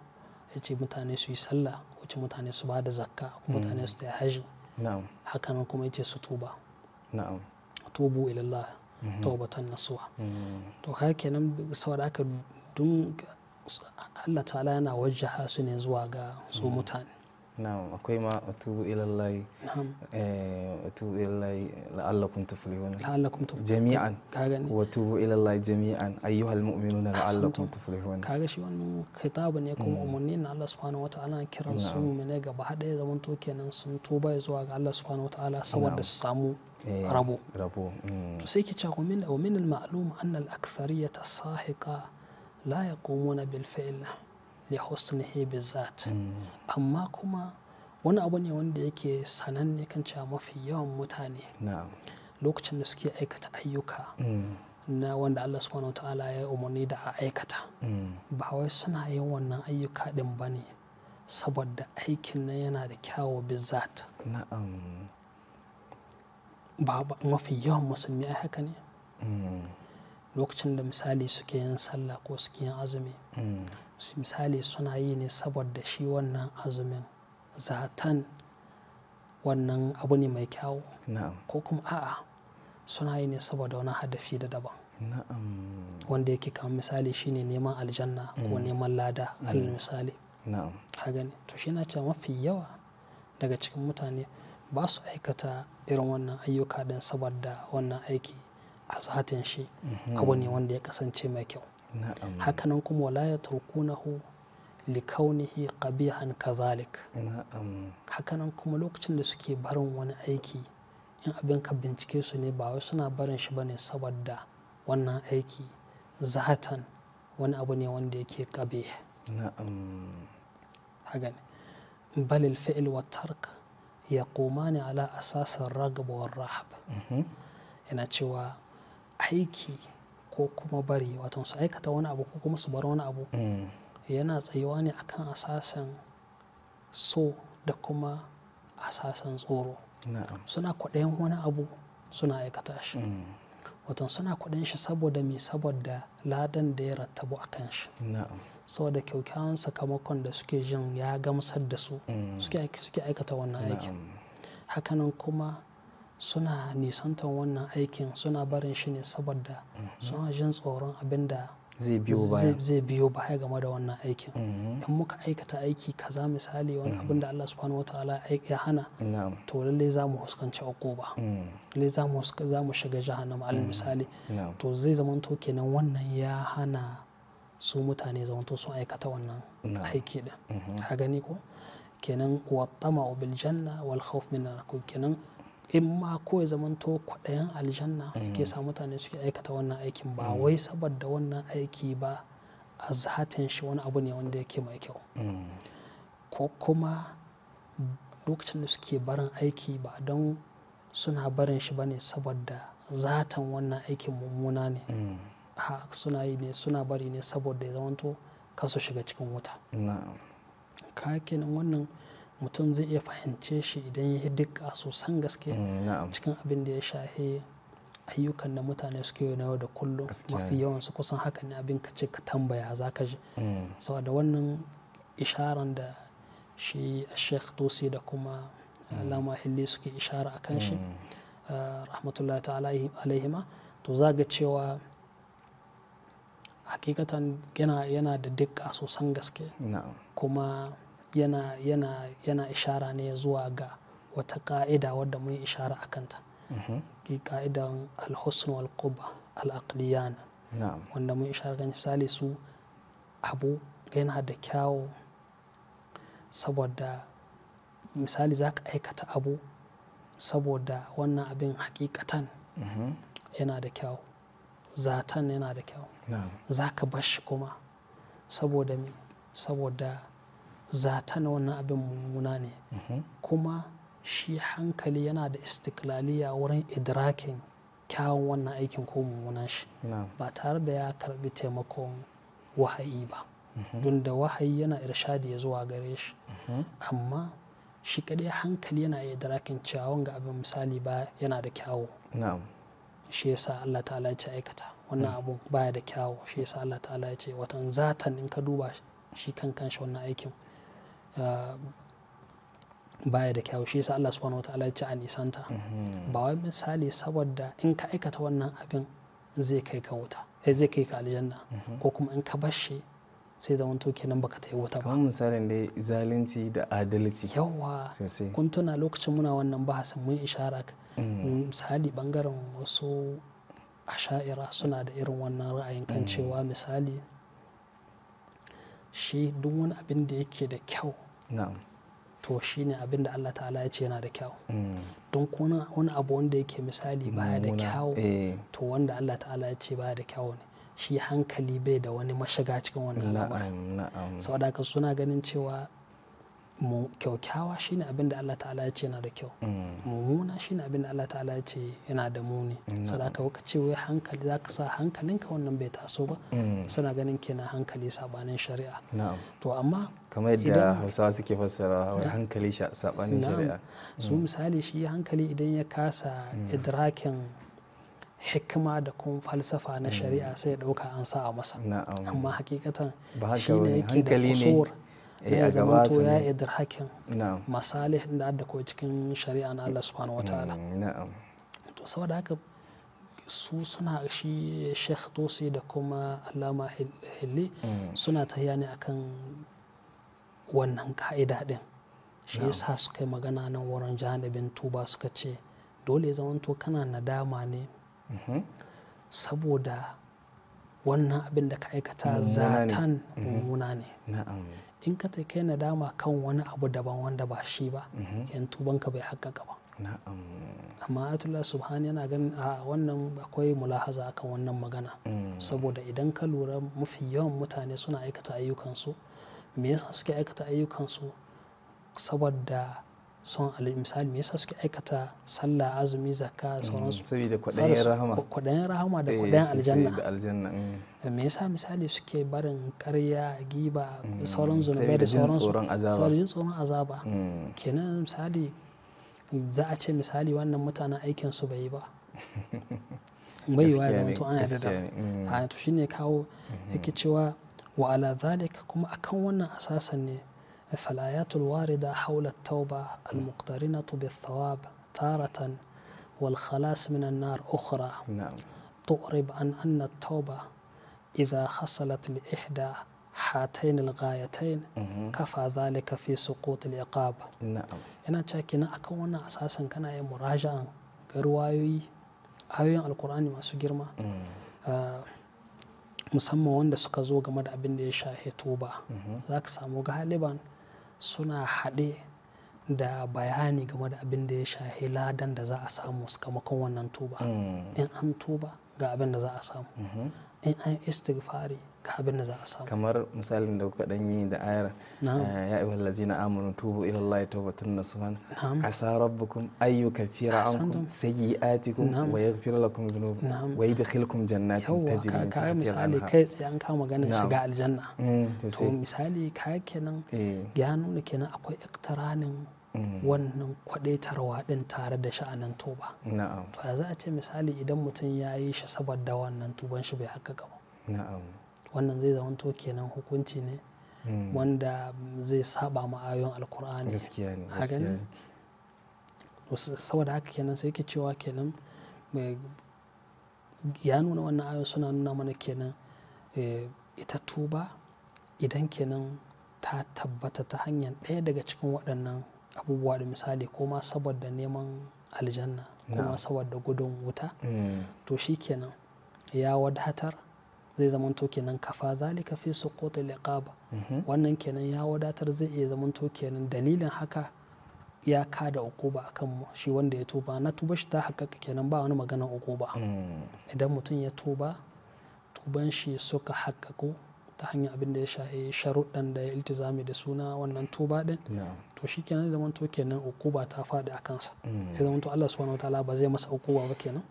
ya ce mutane su yi sallah ce mutane su ba da zakka mm. mutane su ta yi hajji hakanan kuma ya ce su tuba tubu ilallah mhm. taubatan nasuwa mhm. to haka kenan saboda haka dun Allah ta'ala yana wajaha su ne zuwa ga su mhm. mutane na'am akwai ma atubu ilallahi na'am eh, atubu la'allakum la'allakum jami'an wa atubu ilallahi jami'an ayyuhal mu'minuna la'allakum Ka ga shi wannan khitabun ne kuma hmm. umarni na Allah subhanahu wataala kiran su mu'mine gaba hadaya zaman to kenan sun tuba zuwa ga Allah subhanahu wataala saboda su samu eh, rabo rabo hmm. to sai ki ce wa min al-ma'lum anna al-akthariyata sahiqa la yaqumuna bil li husnihi zat amma kuma wani abu ne wanda yake sananne kan cewa mafi yawan mutane lokacin da suke aikata ayyuka na wanda Allah subhanahu ta'ala ya umarni da a aikata ba wai suna yin wannan ayyuka din ba ne saboda aikin na yana da kyawo bizat ba mafi yawan musulmi a haka ne lokacin da misali suke yin sallah ko suke yin azumi misali suna yi ne saboda shi wannan azumin zatan wannan abu ne mai kyawu ko kuma a'a suna yi ne saboda wani hadafi da daban wanda yake kama misali shine neman aljanna ko mm. neman lada alal mm. misali haga to shi na cewa mafi yawa daga cikin mutane ba su aikata irin wannan ayyuka don saboda wannan aiki a zatin shi mhm. abu ne wanda ya kasance mai kyau hakanan kuma wala ya turkunahu likaunihi qabihan kazalik hakanan kuma lokacin da suke barin wani aiki in abin ka bincike su ne ba wai suna barin shi bane saboda wannan aiki zatan wani abu ne wanda yake kabih na'am hagan bal al wa tark yaqumani ala asas ar-ragb wa rahb mhm. yana cewa aiki ko kuma bari wato su aikata wani abu ko kuma su bar wani abu mm. yana tsayuwa ne akan asasin so da kuma asasin tsoro suna kwaɗayin wani abu suna aikata shi mm. wato suna kwaɗayin shi saboda mai saboda ladan da ya rattabu a kan shi saboda kyaukyawan sakamakon da suke jin ya gamsar da su mm. suke aikata wannan aiki hakanan kuma suna nisantan wannan aikin suna barin shi ne saboda mhm. suna jin tsoron abin da zai biyo baya game da wannan aikin mhm. in muka aikata aiki kaza misali wani mhm. abin da Allah subhanahu wataala ya hana to lalle za mu huskanci ba lalle za mu shiga jahannama al misali to zai zamanto kenan wannan ya hana su mutane zamanto sun aikata wannan aiki din ka gani ko kenan wa tama bil wal khawf min kenan in ma ko ya zamanto kwaɗayan aljanna ke sa mutane suke aikata wannan aikin ba mm. wai saboda wannan aiki ba a zatin shi wani abu ne wanda yake mai kyau mm. ko kuma lokacin da suke barin aiki ba don suna barin shi ba ne saboda zatan wannan aikin mummuna ne mm. suna yi ne suna bari ne saboda ya zamanto kasu shiga cikin wuta ka kenan wannan mutum zai iya fahimce shi idan ya yi a sosan gaske mm, cikin abin da ya shahe ayyukan da mutane suke yi na yau da kullum mafi yawan su kusan haka ne abin ka ce ka tambaya za ka ji mm. saboda wannan isharan da shi sheikh tosi da kuma mm. lama hilli suke ishara a kan shi uh, rahmatullahi ta'ala alaihima to za ga cewa hakikatan yana da dikka sosan gaske kuma yana yana yana ishara ne zuwa ga wata ka'ida wadda mun yi ishara a kanta ka'idan mhm. al-husn wal quba al-aqliyan wanda mun ishara kan misali su abu yana da kyawu saboda misali za ka aikata abu saboda wannan abin hakikatan mhm. yana da kyau zatan yana da kyau za ka bashi kuma saboda saboda na wannan abin mummuna ne mhm. kuma shi hankali yana da istiklaliya wurin idrakin kyawun wannan aikin ko mummunan shi ba tare da ya karbi taimakon wahayi ba mhm. don da wahayi yana irshadi ya zuwa gare shi mhm. amma shi kadai hankali yana iya idrakin ciyawun ga abin misali ba yana da kyawu shi yasa Allah ta'ala ya ce aikata wannan mm. abu baya da kyawu shi yasa Allah ta'ala ya ce watan zatan in ka duba shi kan kanshi wannan aikin Ah, baya da kyau shi sa Allah subhanahu wataala ya ce a nisanta mhm. ba wai misali saboda in ka aikata wannan abin zai kai ka wuta eh zai kai ka aljanna mhm. ko kuma in ka bar shi sai zaman to kenan baka ta yi wuta ba misalin da zalunci da adalci yawa kun tuna lokacin muna wannan bahasin mun ishara mhm. misali bangaren wasu asha'ira suna da irin wannan ra'ayin kan cewa misali shi duk wani abin da yake da kyau to shi abin da Allah ta'ala ya ce yana da kyau mm. don kuna wani abu wanda yake misali baya da kyau eh. to wanda Allah ta'ala ya ce baya da kyau ne shi hankali bai da wani mashiga cikin wannan al'amarin saboda ka suna ganin cewa mu kyaukyawa shine abin da Allah ta'ala ya ce yana da kyau mm. mummuna shine abin da Allah ta'ala ya ce yana da muni mm. saboda ka ce wai hankali zaka sa hankalinka wannan bai taso ba mm. suna ganin kenan hankali sabanin shari'a to amma kamar yadda Hausawa suke fassara wai hankali sabanin shari'a su misali shi hankali idan ya kasa idrakin hikima da kuma falsafa na shari'a sai ya dauka an sa a masa amma hakikatan shine yake da kusur Eh, ya zama to ya idar hakin masalih da adda ko cikin shari'a na Allah subhanahu wataala mm, to saboda haka su suna shi Sheikh Tosi da kuma Allama Hilli mm. suna tahiya ne akan wannan ka'ida din shi yasa suka yi magana nan wurin janibin tuba suka ce dole zamanto kana nadama ne mm-hmm. saboda wannan abin da ka aikata zatan mummuna ne mm-hmm. in ka ta kai nadama kan wani abu daban wanda ba shi ba mhm. yan tubanka bai haƙa ba amma atullah subhani yana ganin a wannan akwai mulahaza akan wannan magana mm. saboda idan ka lura mafi yawan mutane suna aikata ayyukansu me yasa suke aikata ayyukansu saboda son misali me yasa suke aikata sallah azumi zakka mm, sauransu saboda kwaɗayin rahama rahama da eh, kwaɗayin aljanna mm. me yasa misali suke barin karya giba mm, sauran zunubai da sauransu saboda jin tsoron azaba kenan misali za a ce misali wannan mutanen aikin su bai yi ba [laughs] bai wa zama to an yarda da a to shine kawo yake cewa wa ala zalika kuma akan wannan asasan ne فالآيات الواردة حول التوبة المقترنة بالثواب تارة والخلاص من النار أخرى نعم. تقرب عن أن التوبة إذا حصلت لإحدى حاتين الغايتين كفى ذلك في سقوط العقاب نعم إن تشاكينا أكونا أساسا كنا مراجعا كروايوي أيوان القرآن ما سجرما آه، مسمى وندسك زوج مدعبين لشاهي توبة ذاك سامو غالبا suna haɗe da bayani game da abin da ya shahi ladan da za a samu sakamakon wannan tuba mm. in an tuba ga abin da za a samu mm-hmm. in an istighfari ga abin da za a samu kamar misalin da kuka dan yi da ayar eh, ya ayyuhal ladzina amanu tubu ila allahi tawbatan nasuhan asa rabbukum ay yukaffira ankum sayyi'atikum wa yaghfir lakum dhunubakum wa yadkhilukum jannatin tajri min tahtiha al-anhar misali kai tsaye an kama ganin shiga aljanna mm, to misali ka kenan eh. ya nuna kenan akwai iktiranin mm. wannan kwadaitarwa din tare da sha'anin tuba to za a ce misali idan mutum ya yi shi saboda wannan tuban shi bai haka gaba na'am wannan zai zama to kenan hukunci ne hmm. wanda zai saba ma ayoyin alkur'ani gaskiya ne saboda haka kenan sai ke cewa kenan ya nuna wannan ayo suna nuna mana kenan eh, ita tuba idan kenan ta tabbata ta hanyar ɗaya daga cikin waɗannan abubuwa da misali ko ma saboda neman aljanna kuma saboda gudun wuta hmm. to shi kenan ya wadatar zai zamanto kenan kafa zalika fi suqut liqaba mhm. wannan kenan ya wadatar zai iya zamanto kenan dalilin haka ya kada ukuba akan shi wanda ya tuba na tuba shi ta haƙaƙa kenan ba wani magana ukuba mm. idan mutum ya tuba tuban shi suka haƙaƙo ta hanyar abin da ya shahi sharuɗan da ya iltizami da suna wannan tuba ɗin to shi kenan zaman to kenan ukuba ta faɗi a kansa mm. zai zaman to Allah subhanahu wataala ba zai masa ukuba ba kenan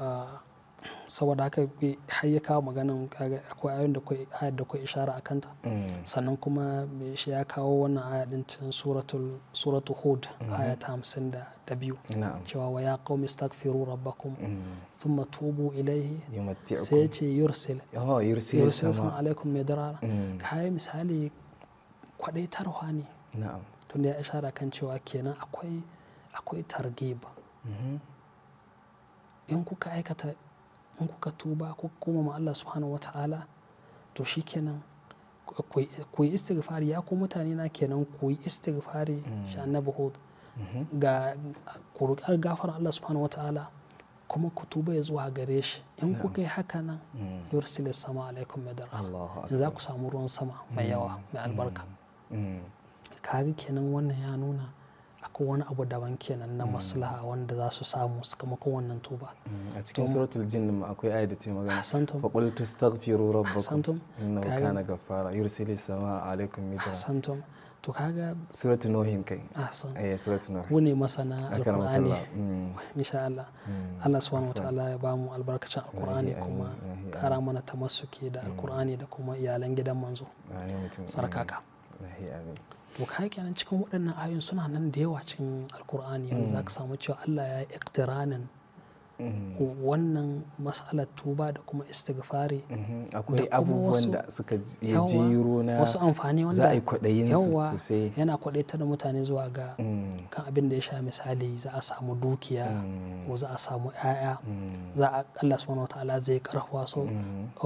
ah, saboda haka har ya kawo maganin akwai ayoyin da ayar da kai ishara akan ta mm. sannan kuma me shi ya kawo wannan aya din cin suratul suratul hud mm-hmm. aya ta 52 cewa wa ya qaumi astaghfiru rabbakum mm. thumma tubu ilayhi sai ya ce yursil oh, yursil sama alaikum midrara mm. kai misali tarwa ne tunda ya ishara kan cewa kenan akwai akwai targiba mm-hmm. in kuka aikata in kuka tuba ku koma ma Allah subhanahu wataala to shikenan ku yi istighfari ya ku mutane na kenan ku yi istighfari mm. shi annabi hud mm-hmm. ga ku gafar Allah subhanahu wataala kuma ku tuba ya zuwa gare shi in kuka yi haka nan mm. yursil sama alaikum madara in za ku samu ruwan sama mai yawa mai albarka mm. kaga kenan wannan ya nuna akwai wani abu daban kenan na hmm. maslaha wanda za su samu sakamakon wannan tuba hmm. a cikin suratul jin mu akwai ayat da ta magana ahsantum fa qul tastaghfiru rabbakum innahu kana ghaffara yursilu samaa alaikum midra ahsantum to kaga suratul nuhin kai ahsan eh suratul nuhin wune masana alqur'ani hmm. insha Allah Allah subhanahu ta'ala ya bamu albarkacin alqur'ani kuma kara mana tamassuki da alqur'ani da kuma iyalan gidan manzo sarkaka amin to kai kenan cikin waɗannan ayoyin suna nan da yawa cikin alkur'ani yanzu hmm. za ka samu cewa Allah ya yi iktiranin Mhm. wannan matsalar tuba da kuma istighfari mhm. akwai abubuwan da suka jiro na wasu amfani wanda za a yi kwaɗayin sosai yana kwaɗaitar da mutane zuwa ga mm. kan abin da ya sha misali za a samu dukiya mm. ko za a samu 'ya'ya mm. za a Allah subhanahu wataala zai karfafa so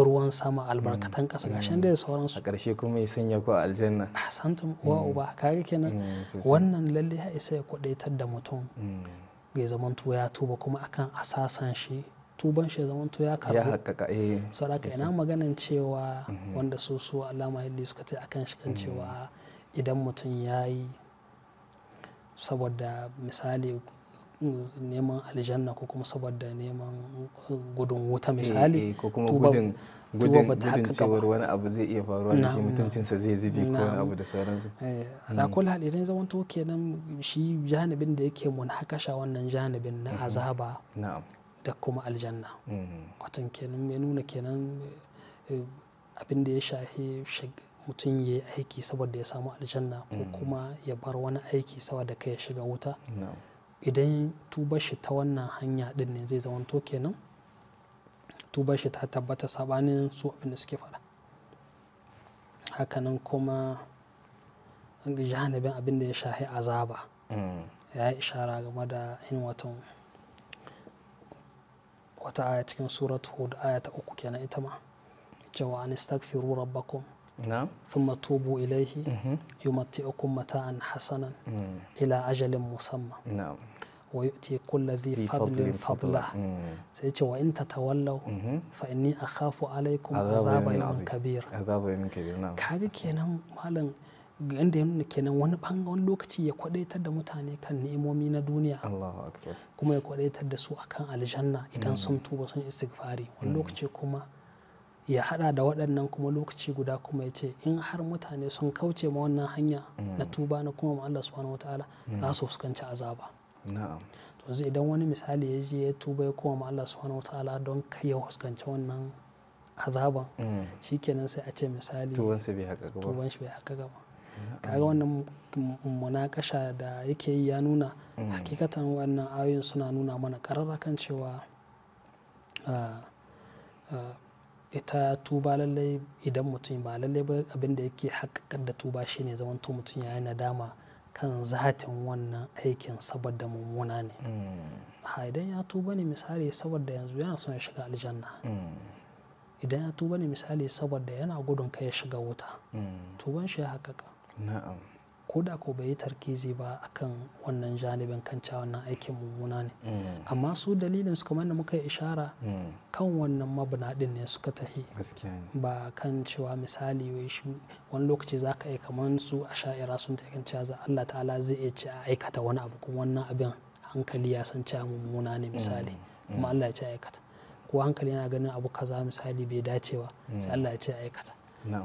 ruwan sama albarkatan ƙasa gashin da sauransu a ƙarshe kuma ya sanya ku a aljanna santum wa uba kaga kenan wannan lalle ya isa ya kwaɗaitar da mutum zaman zamanto ya tuba kuma akan asasan shi tuban shi zaman to ya karbu ya haƙaƙa eh saboda ina maganin cewa mm-hmm. wanda su su alama yadda suka ce akan shi kan mm. cewa idan mutum ya yi saboda misali neman aljanna ko kuma saboda neman gudun wuta misali eh, eh, ko kuma gudun gudun gudun cewar wani abu zai iya faruwa da shi mutuncinsa zai zube ko wani abu da sauransu eh, ala hmm. kulli hal idan zaman to kenan shi janibin da yake mun hakasha wannan janibin na hmm. azaba da kuma aljanna hmm. watan kenan ya nuna kenan eh, abin da ya shahi mutum ya yi aiki saboda ya samu aljanna ko kuma ya bar wani aiki saboda kai ya shiga wuta idan tuba shi ta wannan hanya din ne zai zamanto kenan tuba shi ta tabbata sabanin su abin da suke faɗa hakanan kuma jahanabin abin da ya shahi azaba mm. ya yi ishara game da yin watan wata aya cikin surat hud aya ta uku kenan ita ma cewa an istagfiru rabbakum ثم توبوا إليه يمتعكم متاعا hasanan mm. ila ajalin musamman wa yu'ti kulli dhi fadlin fadla sai ce wa in tatawallaw fa inni akhafu alaikum azaba yawmin kabir azaba yawmin kaga kenan malam inda ya nuna wani bangon lokaci ya kwadaitar da mutane kan ni'imomi na duniya kuma ya kwadaitar da su akan aljanna idan sun tuba sun istighfari wani lokaci kuma ya haɗa da waɗannan kuma lokaci guda kuma ya ce in har mutane sun kauce ma wannan hanya na tuba na kuma ma Allah subhanahu za su fuskanci azaba to zai idan wani misali ya je ya tuba ya koma Allah subhanahu wataala don kai ya huskanci wannan azaban mm. shikenan sai a ce misali tuban shi bai haka gaba kaga wannan munakasha da yake yi ya nuna mm. hakikatan wannan ayoyin suna nuna mana kararrakan kan cewa ah, ah, ita tuba lallai idan mutum ba lallai ba abin da yake haƙaƙar da tuba shine zaman to mutum ya yi nadama kan zatin wannan aikin saboda mummuna ne hmm. ha idan ya tuba ne misali saboda yanzu yana son ya shiga aljanna hmm. idan ya tuba ne misali saboda yana gudun kai ya shiga wuta hmm. tuban shi ya haƙaƙa na'am Koda da ko bai yi tarkizi ba akan wannan janibin kan cewa wannan aikin mummuna ne mm. amma su dalilin suka kamar muka yi ishara mm. kan wannan mabuna din ne suka tafi ba kan cewa misali wai wani lokaci za ka yi kamar su a sha'ira sun ta'ikan cewa za Allah ta'ala zai iya ce a aikata wani abu kuma wannan abin hankali ya san cewa mummuna ne misali mm. kuma Allah ya ce aikata ko hankali yana ganin abu kaza misali bai dace ba sai Allah ya ce aikata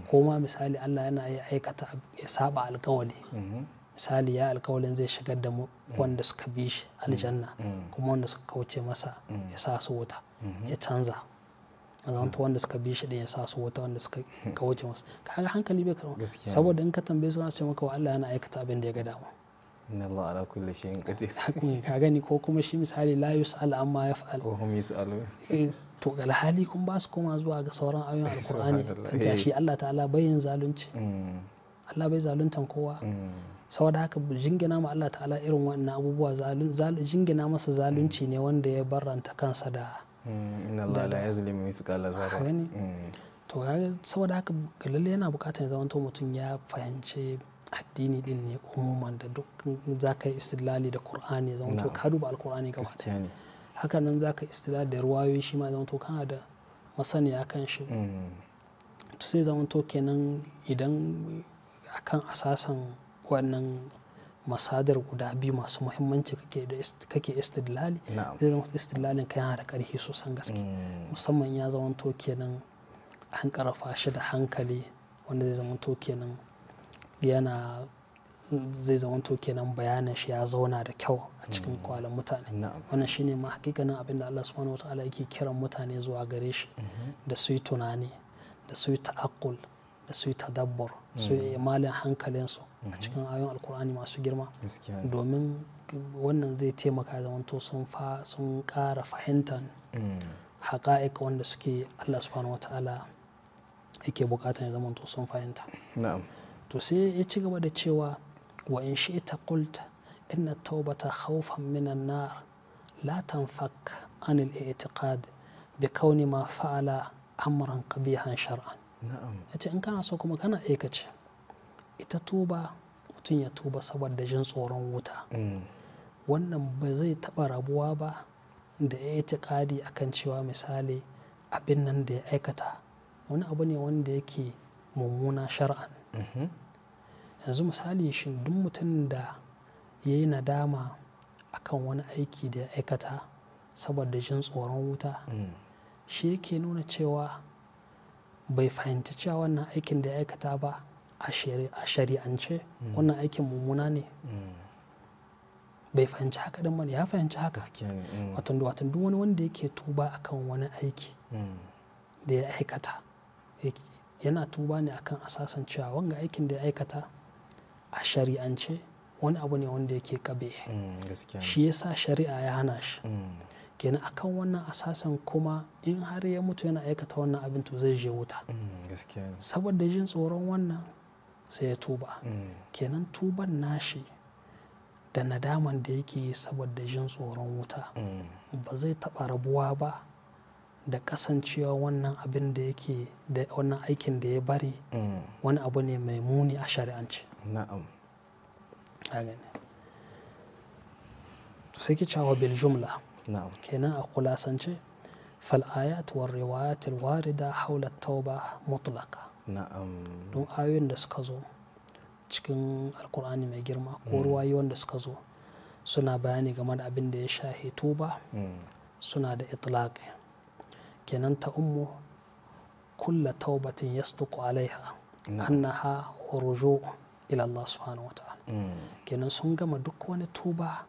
ko ma misali Allah yana ya aikata ya saba alkawali mhm. misali ya alkawalin zai shigar da mu mm. wanda suka bi shi aljanna mm. Mm. kuma wanda suka kauce masa ya sa su wuta mm-hmm. ya canza a zamanta wanda suka bi shi din ya sa su wuta wanda suka [laughs] kauce masa kaga hankali bai karama saboda in ka tambaye su na ce maka Allah yana aikata abin da ya ga dama inna Allah ala kulli shay'in qadir [laughs] ka gani ko kuma shi misali la yus'al amma yaf'al wa hum yus'alun eh, to alhali kun ba su koma zuwa ga sauran ayoyin [laughs] alkur'ani kan shi eh. Allah ta'ala yin zalunci mm. Allah bai zaluntan kowa mm. saboda haka jingina ma Allah ta'ala irin wannan abubuwa jingina masa zalunci ne wanda ya barranta kansa da mm. inna Allah la yazlimu mithqala zarra to saboda haka galalle yana bukatar zaman to mutum ya fahimci addini din ne umuman da duk zaka yi istilali da qur'ani zaman to ka duba alqur'ani gaba hakanan za ka istila da ruwayoyi shi ma zama to kana da masaniya kan shi mm. to sai zama to kenan idan akan asasan wannan masadar guda biyu masu muhimmanci kake istidlali zai zama istidlalin ka yana da karfi sosan gaske mm. musamman ya zama to kenan an karfa shi da hankali wanda zai zama to kenan yana zai zamanto kenan bayanin shi ya zauna da kyau a cikin mm. kwalin mutane wannan shine ma hakikanin abin da Allah subhanahu wataala yake kiran mutane zuwa gare shi mm-hmm. da su yi tunani da su yi ta'aqqul da su yi tadabbur su mm. yi hankalin hankalinsu a mm-hmm. cikin ayoyin alkur'ani masu girma domin wannan zai taimaka zamanto sun sun ƙara fahimtar mm. haƙa'iƙa wanda suke Allah subhanahu wataala yake bukatan ya zamanto sun fahimta to sai ya ci gaba da cewa wa in shi'ta qulta inna taubata khawfan minan na latan fak an al bi kauni ma fa'ala amran qabihan shar'an yace in kana so kuma kana aikace ita tuba mutum ya tuba saboda jin tsoron wuta wannan ba zai taɓa rabuwa ba da ya yi akan cewa misali abin nan da ya aikata wani abu ne wanda yake mummuna shar'an yanzu misali shi duk mutum da ya yi nadama akan wani aiki da ya aikata saboda jin tsoron wuta mm. shi yake nuna cewa bai fahimci cewa wannan aikin da ya aikata ba a shari'ance mm. wannan aikin mummuna ne mm. bai fahimci haka din ya fahimci haka watan watan duk wani wanda yake tuba akan wani aiki da ya aikata yana tuba ne akan asasan cewa wanga aikin da ya aikata a shari'ance wani abu ne wanda yake kabe mm, shi yasa shari'a ya hana shi mm. kenan akan wannan asasin kuma in har ya mutu yana aikata wannan abin to zai je wuta mm, saboda jin tsoron wannan sai ya tuba kenan tuban nashi da nadaman da yake saboda jin tsoron wuta ba zai taɓa rabuwa ba da kasancewa wannan abin da yake da wannan aikin da ya bari wani abu ne mai muni a shari'ance Na'am. Hagan. To sai ki bil jumla. Na'am. Kenan a kulasance fal'ayat wa riwayat warida haula tauba mutlaka. Na'am. ayoyin da suka zo cikin alkur'ani mai girma ko mm. ruwayi da suka zo suna bayani game da abin da ya shahe tuba mm. suna da itlaq kenan ta ummu kulla taubatin yasduqu alaiha annaha ruju' ila Allah subhanahu wa ta'ala mm. kenan sun gama duk wani tuba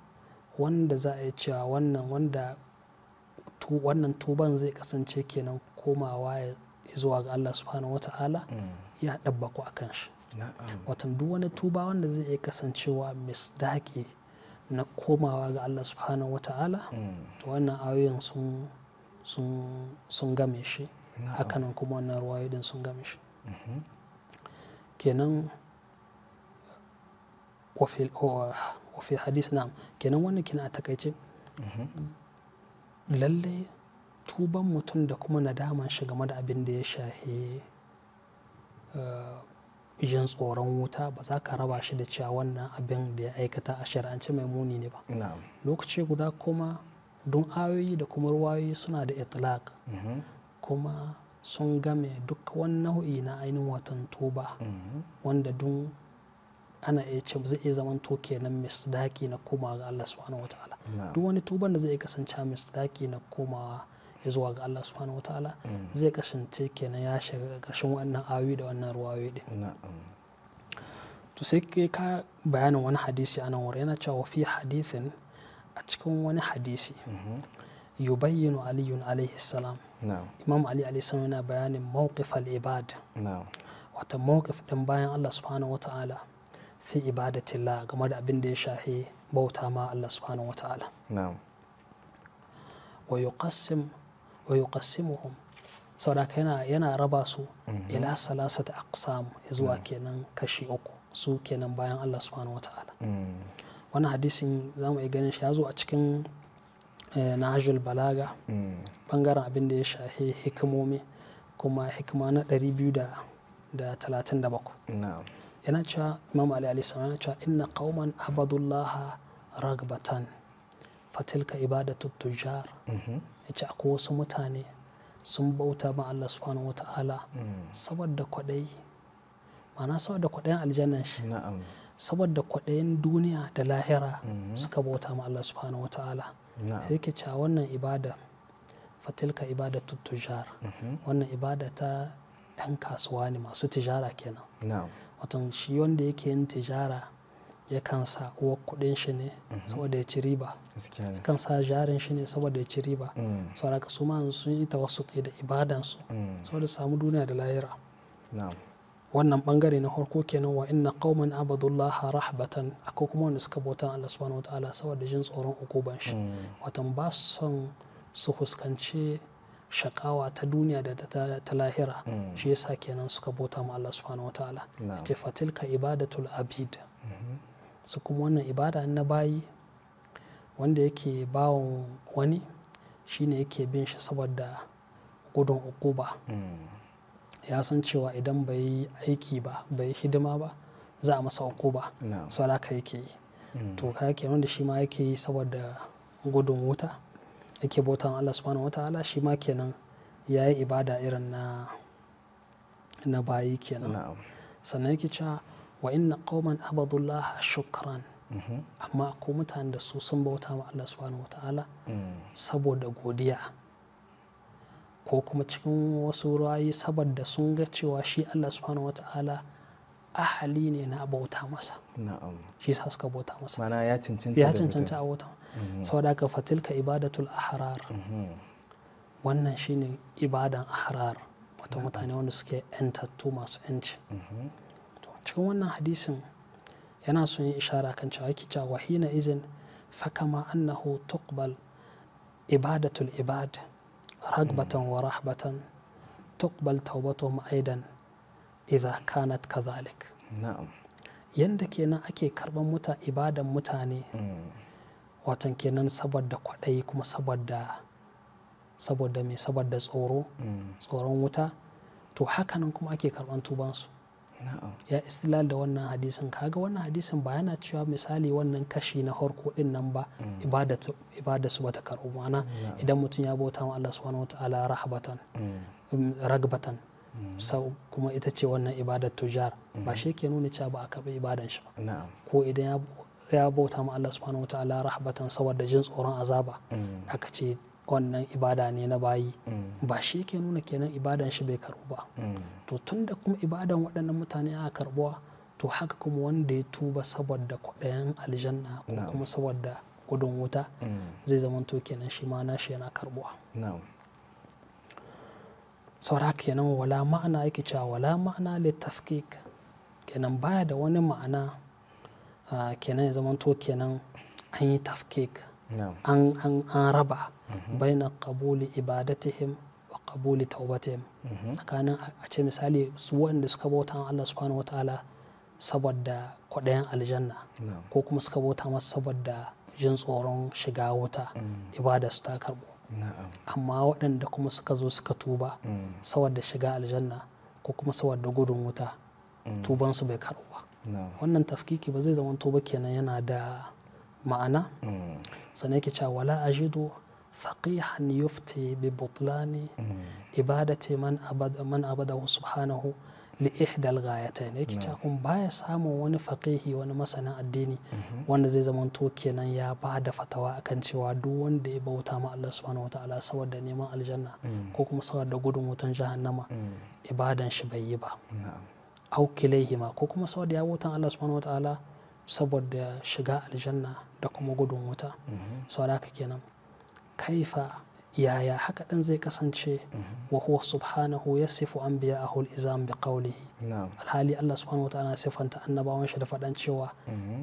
wanda za a yi cewa wannan wanda wannan tuban zai kasance kenan komawa ya zuwa ga Allah subhanahu wa ta'ala mm. ya ɗabbaku a kan shi watan duk wani tuba wanda zai iya kasancewa misdaki na komawa ga Allah subhanahu wa ta'ala mm. to wannan ayoyin sun sun game shi hakanan kuma wannan ruwayoyin sun game shi mm-hmm. kenan wafi hadis na kenan wannan kina a takaice mhm. Lallai tuban mutum da kuma nadaman shi game da abin da ya shahe eh, jin tsoron wuta ba za ka raba shi da cewa wannan abin da ya aikata a shari'ance mai muni ne ba lokaci guda kuma don ayoyi da kuma ruwayoyi suna da itlaq mhm. kuma sun game duk wani nau'i na ainihin watan tuba mhm. wanda dun ana iya ce zai iya zaman to kenan misdaki na komawa ga Allah subhanahu wataala duk wani tuban da zai kasance misdaki na komawa ya zuwa ga Allah subhanahu wataala mm. zai kasance kenan ya shiga ƙarshen wannan awi da wannan ruwayoyi din to sai kai ka bayanin wani hadisi a nan yana cewa fi hadisin a cikin wani hadisi mm-hmm. yubayyinu aliyun alaihi salam imam ali alaihi salam yana bayanin mawqif al-ibad wata mawqif din bayan Allah subhanahu wataala fi ibadatillah game da abin da ya shafi bauta ma Allah subhanahu wa ta'ala wa yuqassim wa yuqassimuhum saboda yana yana raba su mhm. ila salasata aqsam zuwa mhm. kenan kashi uku su kenan bayan Allah subhanahu wa ta'ala mm. wannan hadisin zamu iya ganin shi ya zo a cikin eh, nahajul balaga mm. bangaren abin da ya shafi hikimomi kuma hikima na 237 yana cewa imam ali salam yana cewa inna qauman abadullaha ragbatan fatilka ibadatu tujar mhm. yace akwai wasu mutane sun bauta ma Allah subhanahu wata'ala mm. saboda kwadai ma'ana saboda kwadayin aljannan shi saboda kwadayin duniya da lahira mm. suka bauta ma Allah subhanahu wata'ala sai ke cewa wannan ibada fatilka ibadatu tujar mhm. wannan ibada ta ɗan kasuwa ne masu tijara kenan watan shi wanda yake yin tijara yakan sa uwar kuɗin shi ne mhm. saboda ya ci riba yakan sa jarin shi ne saboda ya ci riba mm. saboda da su ma sun yi tawassuti da ibadansu mm. saboda samu duniya da lahira wannan bangare na farko kenan wa inna qauman abadullah rahbatan akwai kuma wanda suka bautan Allah subhanahu wataala saboda jin tsoron ukuban shi mm. watan ba son su fuskanci shakawa ta duniya da ta lahira hmm. shi yasa kenan suka bota ma Allah subhanahu wataala ce fatilka ibadatul abid hmm. su kuma wannan ibada na bayi wanda yake bawon wani shine yake bin shi saboda gudun ukuba hmm. ya san cewa idan bai yi aiki ba bai yi hidima ba za a masa ukuba so da yake yi to ka yake wanda shi ma yake yi saboda gudun wuta yake bautan Allah subhanahu wataala shi ma kenan ya yi ibada irin na na bayi kenan sannan yake cewa wa inna qauman abadullah shukran mhm. amma ko mutane da su sun bauta ma Allah subhanahu wataala mm. saboda godiya ko kuma cikin wasu rayu saboda sun ga cewa shi Allah subhanahu wataala ahali ne na bauta masa shi sa suka bauta masa ya cancanta a bauta Mhm. saboda ka fatilka ibadatul ahrar mhm. wannan shine ibadan ahrar wato mhm. mutane wanda suke yantattu masu yanci cikin wannan hadisin yana son yi ishara kan cewa ki cewa wahina izin fakama annahu tuqbal ibadatul ibad ragbatan wa rahbatan tuqbal taubatuhum aidan idza kanat kazalik yanda kenan ake karban muta ibadan mutane mm. watan kenan saboda kwaɗayi kuma saboda saboda mai saboda tsoro mm. tsoron wuta to hakanan kuma ake karɓar tubansu ya istilal da wannan hadisin kaga wannan hadisin ba yana cewa misali wannan kashi na harko din nan ba mm. ibada su bata karɓu ma'ana idan mutum ya bauta ma Allah subhanahu wataala rahabatan mm. um, ragbatan sau kuma ita ce wannan ibadar tujar ba shi ke nuna cewa ba a karɓi ibadan shi ba ko idan ya ya bauta ma Allah subhanahu wataala rahbatan saboda jin tsoron azaba mm. aka ce wannan ibada ne na bayi mm. ba shi ke nuna kenan ibadan shi bai karbu ba mm. to tunda kuma ibadan waɗannan mutane a karbuwa to haka kuma wanda ya tuba saboda kwaɗayan aljanna ko kuma saboda gudun wuta zai zama to kenan shi ma nashi yana karbuwa haka kenan wala ma'ana yake cewa wala ma'ana littafkik kenan baya da wani ma'ana kenan ya zamanto kenan an yi tafkik an raba mhm. baina qabuli ibadatihim wa qabuli taubatihim mhm. tsakanin a ce misali su waɗanda suka bauta Allah subhanahu ta'ala saboda kwaɗayan aljanna ko kuma suka bauta masa saboda jin tsoron shiga wuta mm. ibada su ta karɓo amma waɗanda kuma suka zo suka tuba mm. saboda shiga aljanna ko kuma saboda gudun wuta mm. tubansu bai karbo wannan tafkiki ba zai zamanto ba kenan yana da ma'ana mm. sannan yake cewa wala ajidu faqihan yufti bi butlani mm. ibadati man abada man abada subhanahu li ihda al-ghayatayn yake cewa kun baya samun wani faqihi wani masanin addini mm-hmm. wanda zai zama zamanto kenan ya ba da fatawa akan cewa duk wanda ya bauta ma Allah subhanahu wataala saboda neman aljanna mm. ko kuma saboda gudun wutan jahannama ibadan shi bai yi ba aukilaihima ko kuma sau da yawutan Allah subhanahu wataala saboda shiga aljanna da kuma gudun wuta sau da kenan kaifa yaya haka ɗan zai kasance wa huwa subhanahu ya sifu an biya a izam bi qawlihi alhali Allah subhanahu wataala sifanta annabawan shi da faɗan cewa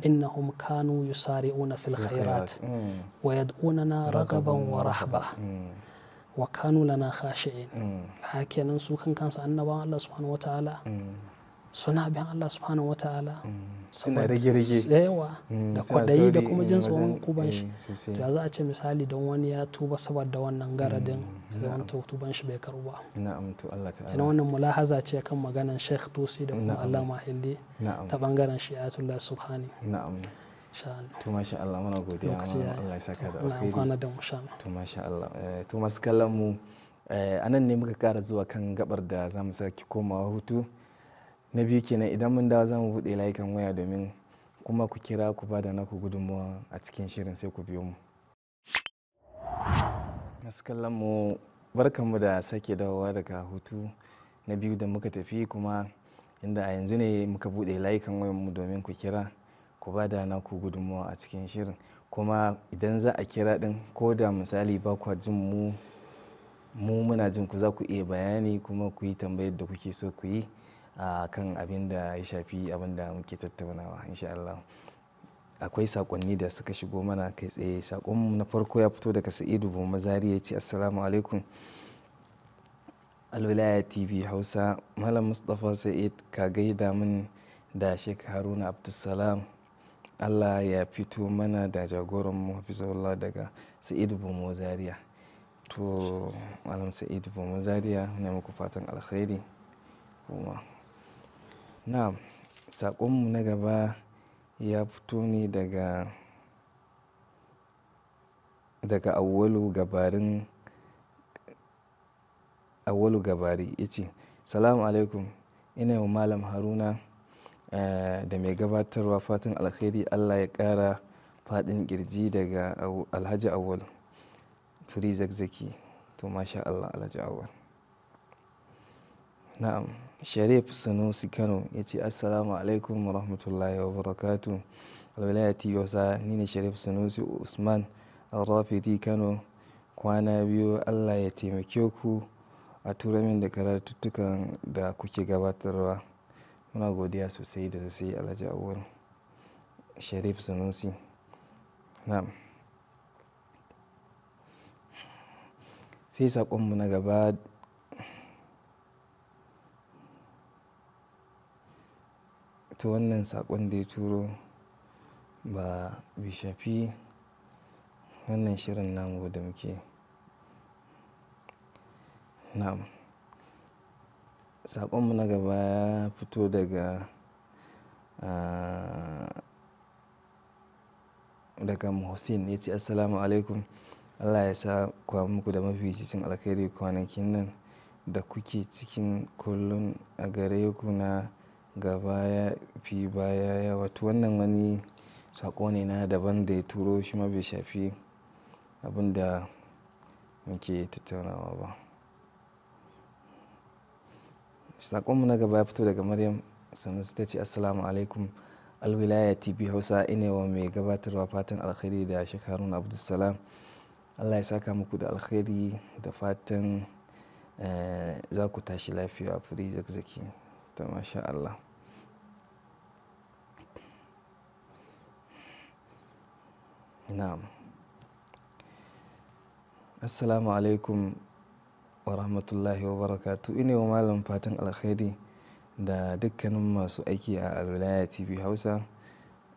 innahum kanu yusari'una fil khairat mm. wa yad'unana ragaban wa rahba mm. wa kanu lana khashi'in mm. hakenan su kan kansa annabawan Allah subhanahu wataala suna bin Allah subhanahu wa ta'ala mm, suna rage-rage tsewa da kwadayi mm, da kuma jin tsoron kuban shi mm, da za a ce misali don wani ya tuba saboda wannan garadin ya zama tuban shi bai karu ba ina wannan mulahaza ce kan maganan sheikh tusi da kuma Allah mahilli ta bangaren shi ayatullah subhani to masha Allah muna godiya Allah ya saka da alheri to masha Allah eh, to masu mu eh, anan ne muka kara zuwa kan gabar da za mu saki komawa hutu na biyu kenan idan mun dawo zamu buɗe layukan waya domin kuma ku kira ku ba da naku gudunmawa a cikin shirin sai ku biyo mu masu kallon mu mu da sake dawowa daga hutu na biyu da muka tafi kuma inda a yanzu ne muka buɗe layukan waya mu domin ku kira ku ba da naku gudunmawa a cikin shirin kuma idan za a kira din ko da misali ba ku jin mu mu muna jin ku za ku iya bayani kuma ku yi tambayar da kuke so ku yi kan abin da ya shafi abin da muke tattaunawa insha Allah akwai sakonni da suka shigo mana kai tsaye sakon na farko ya fito daga sa'idu bu mazari ya ce assalamu alaikum alwilaya tv hausa malam mustapha sa'id ka gaida min da shek haruna abdulsalam allah ya fito mana da jagoran mu hafizullah daga sa'idu bu mazariya to malam sa'idu bu mazariya muna muku fatan alkhairi kuma Na'am, saƙonmu na gaba ya fito ne daga, daga awwalu Gabarin, awwalu Gabari yace Salamu alaikum, ina wa Malam Haruna eh, da mai gabatarwa fatan alkhairi Allah ya ƙara fadin ƙirji daga Alhaji awwal Firi Zakzaki, to masha Allah Alhaji awwal na'am sharif sanusi kano ya ce assalamu alaikum wa rahmatullahi wa barakatu alwilaya tv wasa ni ne sharif sanusi usman al-rafidi kano kwana biyu allah ya taimake ku a tura min da karatuttukan da kuke gabatarwa muna godiya sosai da sosai alhaji abuwar sharif sanusi na'am sai saƙonmu na gaba to wannan sakon da ya turo ba bi shafi wannan shirin namu da muke na'am sakonmu na gaba ya fito daga ah, daga Hussein ya ce assalamu alaikum Allah ya sa kwa muku da mafi cikin alkhairi kwanakin nan da kuke cikin kullum a gare ku na gaba ya fi baya ya wato wannan wani sako ne na daban da ya turo shi ma bai shafi abin da muke tattaunawa ba saƙonmu na gaba ya fito daga maryam sanusi ta ce assalamu alaikum alwilaya tv hausa ina wa mai gabatarwa fatan alkhairi da shekarun abdulsalam allah ya saka muku da alkhairi da fatan eh, za ku tashi lafiya a firi zakzaki ta masha allah na'am assalamu alaikum wa rahmatullahi wa barakatu ine wa malam fatan alkhairi da dukkanin masu aiki a alwilaya tv hausa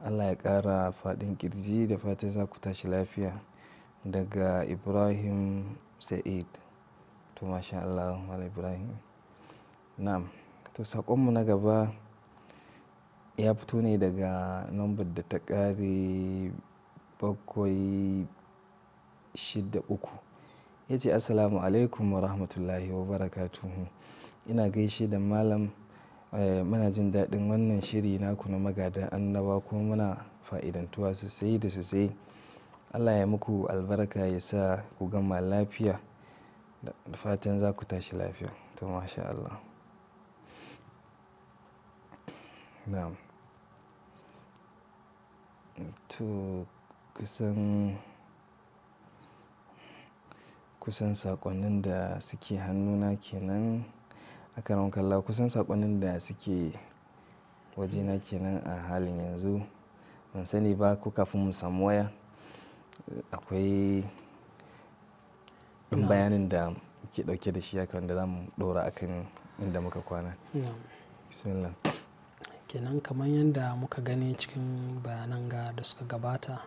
allah ya kara fadin kirji da fatan za ku tashi lafiya daga ibrahim sa'id to masha allah wala ibrahim na'am to saƙonmu na gaba ya fito ne daga nambar da ta ƙare bakwai shidda uku ya ce assalamu alaikum wa rahmatullahi wa barakatuhu ina gaishe da malam eh, muna jin daɗin wannan shiri naku na magadan annaba kuma muna fa'idantuwa sosai da sosai allah ya muku albarka ya sa ku gama lafiya da fatan za ku tashi lafiya to masha allah na'am kusan, kusan saƙonnin da suke hannuna kenan kalla Kusan saƙonnin da suke waje wajena kenan a halin yanzu. Ban sani ba ko kafin mu samu waya akwai ɗin bayanin da ke ɗauke da shi haka da za mu ɗora akan inda muka kwana. Bismillah. kenan kamar yadda muka gani cikin bayanan ga da suka gabata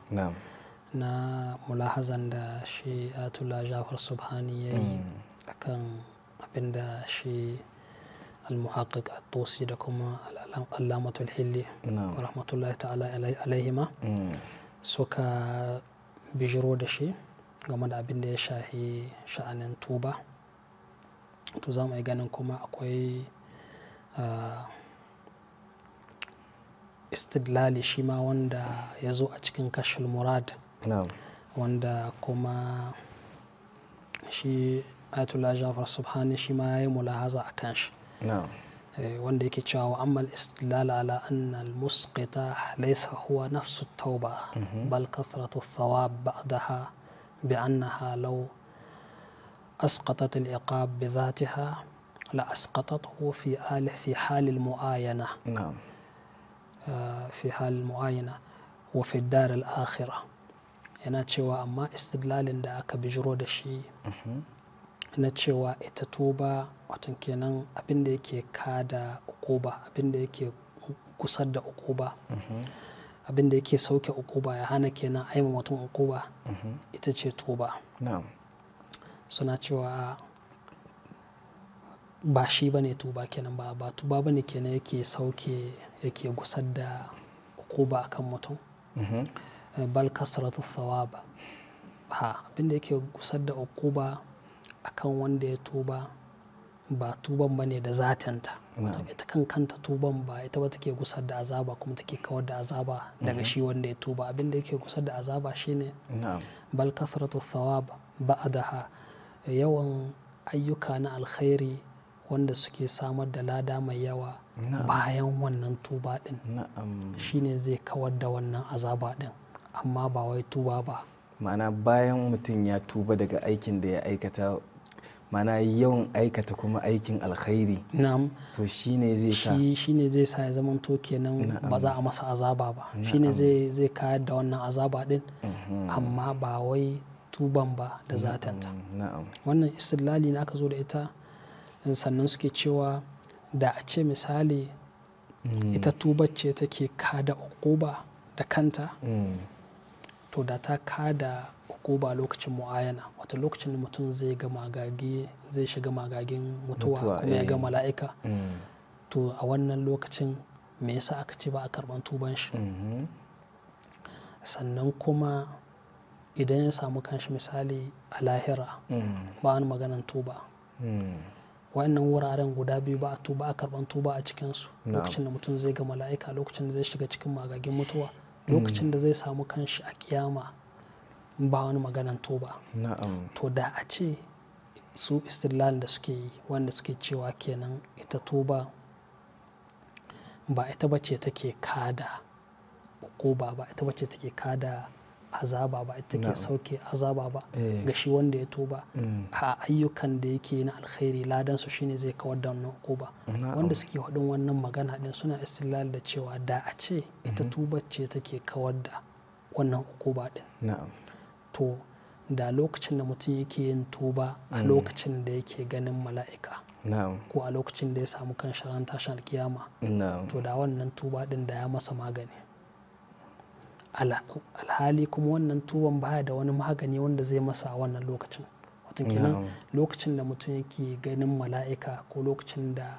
na mulahazan da shi atula jafar subhani ya yi mm. akan abin da shi almuhaqiq at da kuma al'amatul hilli rahmatullahi ta'ala alaihima mm. suka bijiro da shi game da abin da ya shahi sha'anin tuba to za mu ganin kuma akwai ah, istidlali shi ma wanda ya zo a cikin kashul murad wanda kuma shi ayatollah jafar subhani shi ma ya yi mulahaza a kan shi wanda yake cewa wa ammal istidlal ala anna al-musqita laysa huwa nafsu tauba bal kathratu thawab ba'daha bi annaha law asqatat al-iqab bi dhatiha la asqatathu fi alih fi hal al-muayana na'am fi hal mu'ayina wa fi dar yana cewa amma istidlalin da aka bijiro da shi na cewa ita tuba watan kenan abinda da yake kada ukuba abinda da yake kusar da ukuba abinda yake sauke ukuba ya hana kenan aima mutum ukuba ita ce tuba suna cewa ba shi bane tuba kenan ba ba tuba bane kenan yake sauke Mm-hmm. Eh, da yake gusar da a akan mutum bal kasratu thawaba ha abinda yake gusar da a kan wanda ya tuba ba tuban ba ne da zatanta wato ita kan kanta tuban ba ita ba take gusar da azaba kuma take kawar da azaba daga mm-hmm. shi wanda ya tuba abinda yake gusar da azaba shine bal kasratu da ba'daha yawan ayyuka na alkhairi wanda suke samar da lada mai yawa bayan wannan tuba din shine zai kawar da wannan azaba din amma ba wai tuba ba ma'ana bayan mutum ya tuba daga aikin da ya aikata mana yawan aikata kuma aikin alkhairi na'am so shine zai sa shi shine zai sa ya zaman to kenan ba za a masa azaba ba shine zai zai kayar da wannan azaba din mhm. amma ba wai tuban ba da zatanta na'am wannan istilali na aka zo da ita sannan suke cewa da a ce misali ita tuba ce take kada ukuba da kanta to da ta kada ukuba lokacin mu'ayana wata lokacin da mutum zai ga magage zai shiga magagin mutuwa kuma ya ga eh. mala'ika mm. to a wannan lokacin me yasa aka ce ba a karban tuban shi mm-hmm. sannan kuma idan ya samu kanshi misali a lahira mm. ba wani maganan tuba mm. wa'annan wuraren guda biyu ba a tuba a karban tuba a cikinsu su lokacin da mutum zai ga mala'ika lokacin da zai shiga cikin magagin mutuwa mm. lokacin da zai samu kanshi a kiyama ba wani maganan tuba to da a ce su istilal da suke yi wanda suke cewa kenan ita tuba ba ita bace take kada ko ba ba ita bace take kada azaba ba ita ke sauke azaba ba eh. ga shi wanda ya tuba mm. a ayyukan da yake na alkhairi ladan su shine zai kawar da wannan kuba wanda suke hudun wannan magana din suna istilal da cewa da a ce ita mm-hmm. tuba ce take kawar da wannan kuba din to da lokacin da mutum yake yin tuba a mm. lokacin da yake ganin mala'ika ko a lokacin da ya samu kan sharan tashin alkiyama to da wannan tuba din da ya masa magani alhali kuma wannan tuwon baya da wani magani wanda zai masa a wannan lokacin watan kenan lokacin da mutum yake ganin mala'ika ko lokacin da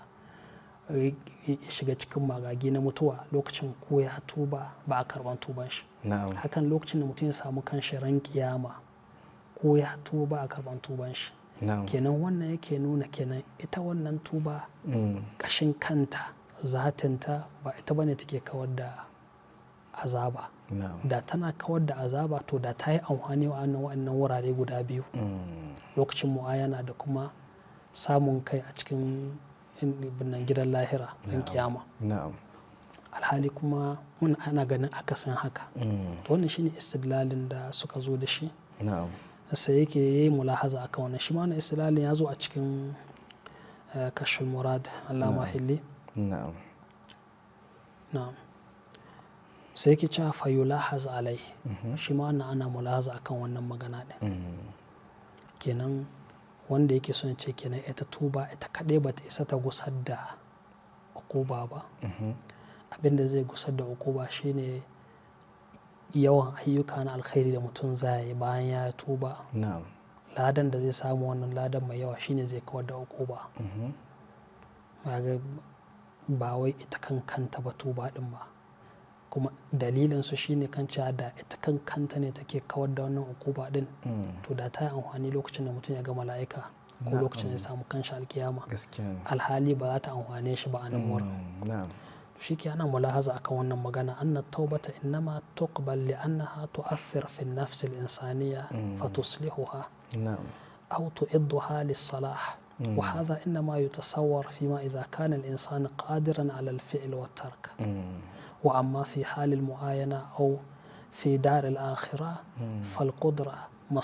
ya shiga cikin magagi na mutuwa lokacin ko ya tuba ba a karban tuban shi hakan lokacin da mutum ya samu kanshi ran kiyama ko ya tuba a karban tuban shi kenan wannan yake nuna kenan ita wannan tuba kashin mm. kanta zatinta ba ita bane take kawar da azaba da tana kawar da azaba to da ta yi amfani wa wa'annan wurare guda biyu mm. lokacin mu'ayana da kuma samun kai a cikin binnan gidan lahira ɗan kiyama alhali kuma mun ana ganin akasin haka mm. to wannan shine istidlalin da suka zo da shi sai yake ya yi mulahaza a wannan shi ma istilalin ya zo a cikin eh, kashful murad Allah mahilli na'am sai ki ci fa alai mhm. shi ma wannan ana mulahaza akan wannan magana ɗin mhm. kenan wanda yake son ce kenan ita tuba ita kadai bata isa ta gusar da ukuba ba mhm. abinda zai gusar da ukuba shine yawan ayyuka na alkhairi da mutum zai bayan ya tuba ladan da zai samu wannan ladan mai yawa shine zai kawar da ukuba ba wai ita kan kanta ba tuba ɗin ba kuma dalilin su shine kan cewa da ita kan kanta ne take kawar da wannan ukuba din mm. to da ta yi amfani lokacin da mutum ya ga mala'ika ko lokacin ya samu kanshi alkiyama alhali ba za ta amfane shi ba a nan wurin mm, shi ke ana mulahaza akan wannan magana anna taubata innama tuqbal li annaha tu'athir fi an-nafs al-insaniyya mm. fa tuslihuha aw tu'idduha lis-salah وهذا إنما يتصور فيما إذا كان الإنسان قادرا على الفعل والترك وأما في حال المعاينة أو في دار الآخرة فالقدرة an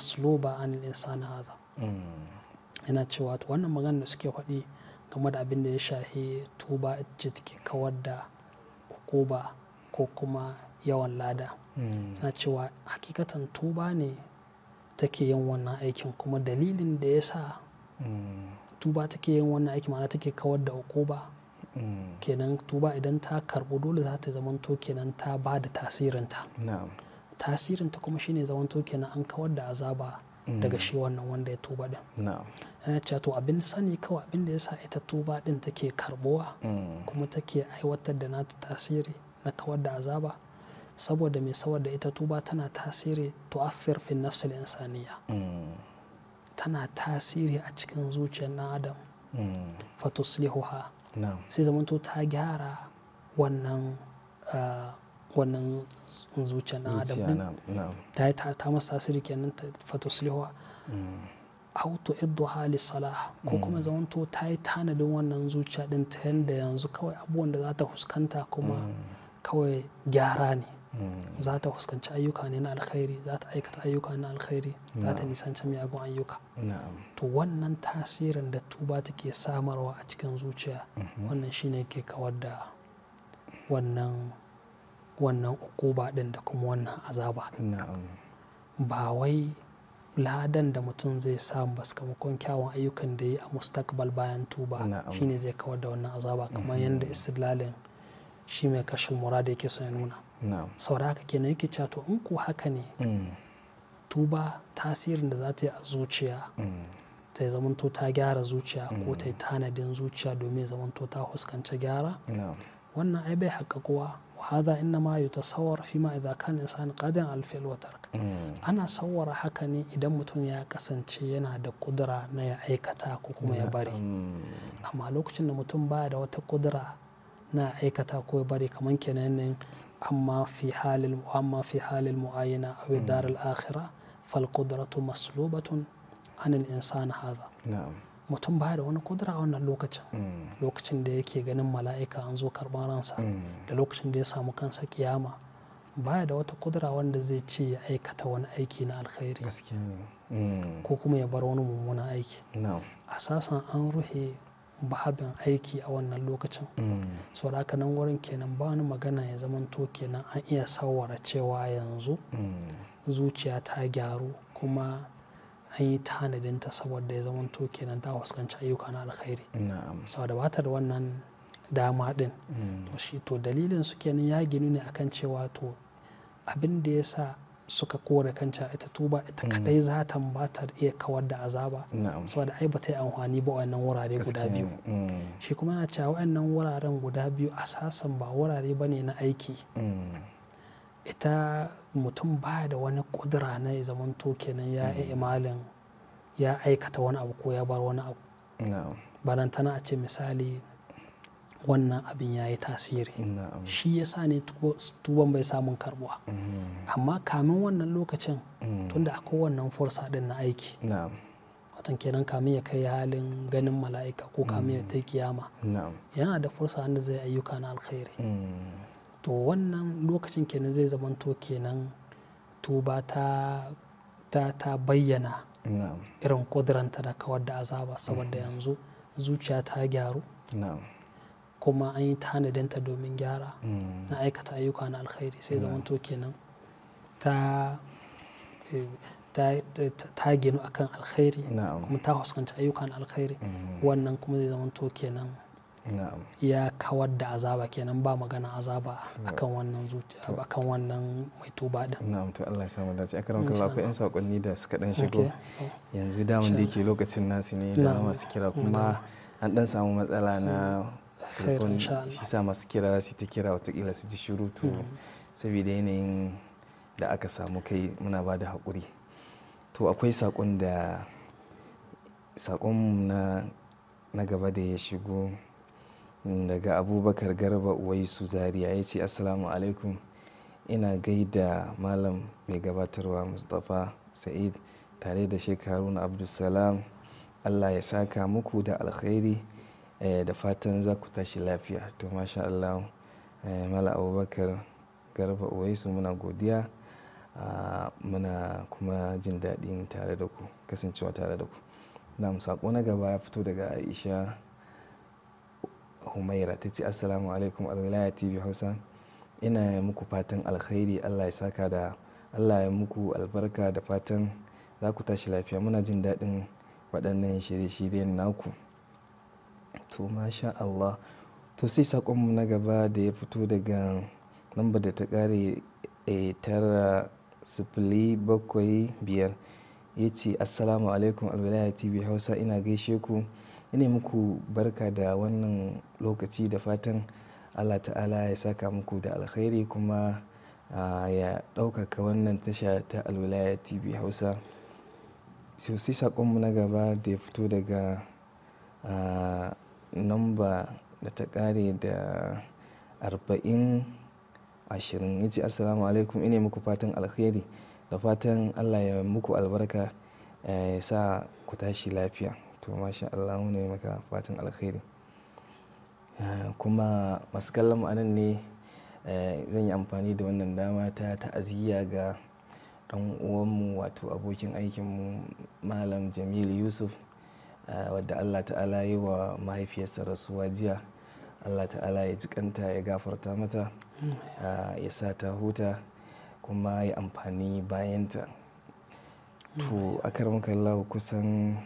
عن na aza. ina cewa wannan magana da suke faɗi game da abin da ya shahi tuba ita take kawar da ko kuma yawan lada hmm. na cewa hakikatan tuba ne take yin wannan aikin kuma dalilin da ya sa hmm. tuba take yin wannan aikin ma'ana take kawar da hukuba kenan tuba idan ta karbo dole za ta zamanto kenan ta ba da tasirinta tasirinta kuma shine zamanto kenan an kawar da azaba daga mm. shi wannan wanda ya tuba din yana cewa to abin sani kawai abin da ya sa ita tuba din take karbowa. Mm. kuma take aiwatar da nata tasiri na kawar da azaba saboda mai saboda ita tuba tana tasiri to afir fi nafsil insaniya mm. tana tasiri a cikin zuciyar na adam fatuslihuha sai zamanto ta gyara wannan eh, wannan zuciya na adam ta yi ta masa tasiri kenan ta fatusliwa mm. auto iddu hali salah ko kuma mm. zamanto ta yi tanadin wannan zuciya din ta yanda yanzu kawai abubuwan da za ta fuskanta kuma mm. kawai gyara ne za ta fuskanci ayyuka ne na alkhairi za ta aikata ayyuka na alkhairi za ta nisanci miyagun ayyuka to wannan tasirin da tuba take samarwa a cikin zuciya mhm. wannan shine ke kawar da wannan wannan ukuba din da kuma wannan azaba ba wai ladan da mutum zai samu ba sakamakon kyawun ayyukan da yi a mustakbal bayan tuba shine zai kawar da wannan azaba kamar mhm. yadda istilalin shi mai kashin murada yake son ya nuna saura haka kenan yake cewa to in ko haka ne mm. tuba tasirin da za ta yi a zuciya mm. ta yi zamanto ta gyara zuciya ko mm. ta yi tanadin zuciya domin zamanto ta huskanci gyara wannan ai bai kowa haza inna ma yi tasawar fi ma idan kan insan qadin alfil wa ana sawara haka ne idan mutum ya kasance yana da kudura na ya aikata ko kuma ya bari amma lokacin da mutum baya da wata kudura na aikata ko ya bari kamar kenan amma fi حال amma fi حال المعاينة a الدار الآخرة فالقدرة maslubatun عن الإنسان هذا haza. mutum baya da wani kudura a wannan lokacin lokacin da yake ganin mala'ika an zo karban ransa da lokacin da ya samu kansa kiyama baya da wata kudura wanda zai ce ya aikata wani aiki na alkhairi ko kuma ya bar wani mummunan aiki sasan an ruhe babin aiki a wannan lokacin mm. so da haka nan wurin kenan ba wani magana ya zamanto kenan an iya sawara cewa yanzu mm. zuciya ta gyaru kuma an yi tanadinta saboda ya zamanto kenan ta fuskanci ayyuka na alkhairi saboda ba ta da wannan dama din mm. to to dalilin su kenan ya ginu ne akan cewa to abin da ya sa suka kore kanta ita tuba ita mm. kadai za ta ba iya kawar da azaba saboda ai ba ta yi amfani ba wannan wurare guda biyu mm. shi kuma na cewa wannan wuraren guda biyu asasan ba wurare ba ne na aiki mm. ita mutum ba da wani kudura na ya zamanto kenan ya yi imalin ya aikata wani abu ko ya bar wani abu tana a ce misali wannan abin ya yi tasiri shi ya sa ne tuwon bai samun karbuwa mm. amma kamin wannan lokacin mm. tunda akwai wannan fursa din na aiki watan kenan kamin ya kai halin ganin mala'ika ko kamin ya mm. ta kiyama yana da fursa wanda zai ayyuka na alkhairi to wannan lokacin kenan zai zamanto kenan tuba ta ta bayyana irin kuduranta da kawar da azaba saboda yanzu zuciya ta gyaru kuma an yi tanadinta domin gyara mm. na aikata ayyuka na alkhairi sai zamanto kenan ta eh, ta ginu akan alkhairi kuma ta fuskanci ayyukan alkhairi mm. wannan kuma zai zamanto kenan ya kawar da azaba kenan ba magana azaba akan wannan zuciya akan wannan mai tuba din na'am to Allah ya samu dace akaram kallah akwai yan sakonni da suka dan shigo yanzu mun da yake lokacin nasu ne da masu kira kuma an dan samu matsala na telefon shi sa masu kira su ta kira watakila su ji shirutu hmm. saboda yanayin da aka samu kai muna ba da haƙuri to akwai saƙon da saƙon na na gaba da ya shigo daga abubakar garba uwaisu zaria ya ce assalamu alaikum ina gaida malam mai gabatarwa mustapha sa'id tare da shekaru na abdulsalam allah ya saka muku da alkhairi Eh, da fatan za ku tashi lafiya to masha Allah eh, mala abubakar garba uwaisu muna godiya ah, muna kuma jin daɗin tare da ku kasancewa tare da ku na sako na gaba ya fito daga aisha humaira ta ce assalamu alaikum alwilaya tv hausa ina muku fatan alkhairi allah ya saka da allah ya muku albarka da fatan za ku tashi lafiya muna jin daɗin waɗannan shirye-shiryen naku to masha Allah to sai sakonmu na gaba da ya fito daga lamba da ta kare eh, tara sifili bakwai biyar ya ce assalamu alaikum alwilaya tv hausa ina gaishe ku ina muku barka da wannan lokaci da fatan allah ta'ala ya saka muku da alkhairi kuma ya ɗaukaka wannan tasha ta alwilaya tv hausa sosai saƙonmu na gaba da ya fito daga namba da ta kare da arba'in ashirin ya ce assalamu alaikum ina muku fatan alkhairi da fatan allah ya muku albarka eh, ya sa ku tashi lafiya to masha allah ne maka fatan alkhairi eh, kuma masu kallon anan ne eh, zan yi amfani da wannan dama ta ta'aziyya ga dan uwanmu wato abokin aikinmu malam jamil yusuf wadda allah ta'ala yi wa mahaifiyarsa rasuwa jiya allah ta'ala ya jikanta ya gafarta mata ya sa ta huta kuma ya amfani bayanta to a karmakallahu kusan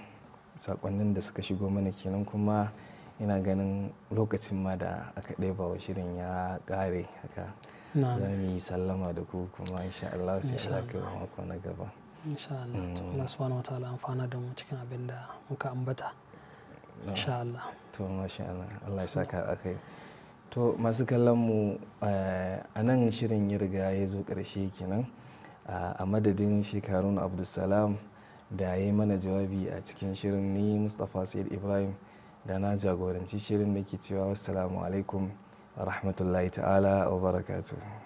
sakonnin da suka shigo mana kenan kuma ina ganin lokacin ma da aka ɗaya wa shirin ya ƙare haka za yi sallama da ku kuma insha Allah sai Allah kai mako na gaba insha Allah to Allah subhanahu amfana da mu cikin abin da muka ambata insha ah, Allah to Allah Allah ya saka akai to masu kallon mu eh, a nan shirin ya riga ya zo ƙarshe kenan ah, a madadin shekarun abdulsalam da ya yi mana jawabi a cikin shirin ni mustapha said ibrahim da na jagoranci shirin da ke cewa wassalamu alaikum wa rahmatullahi ta'ala wa barakatuh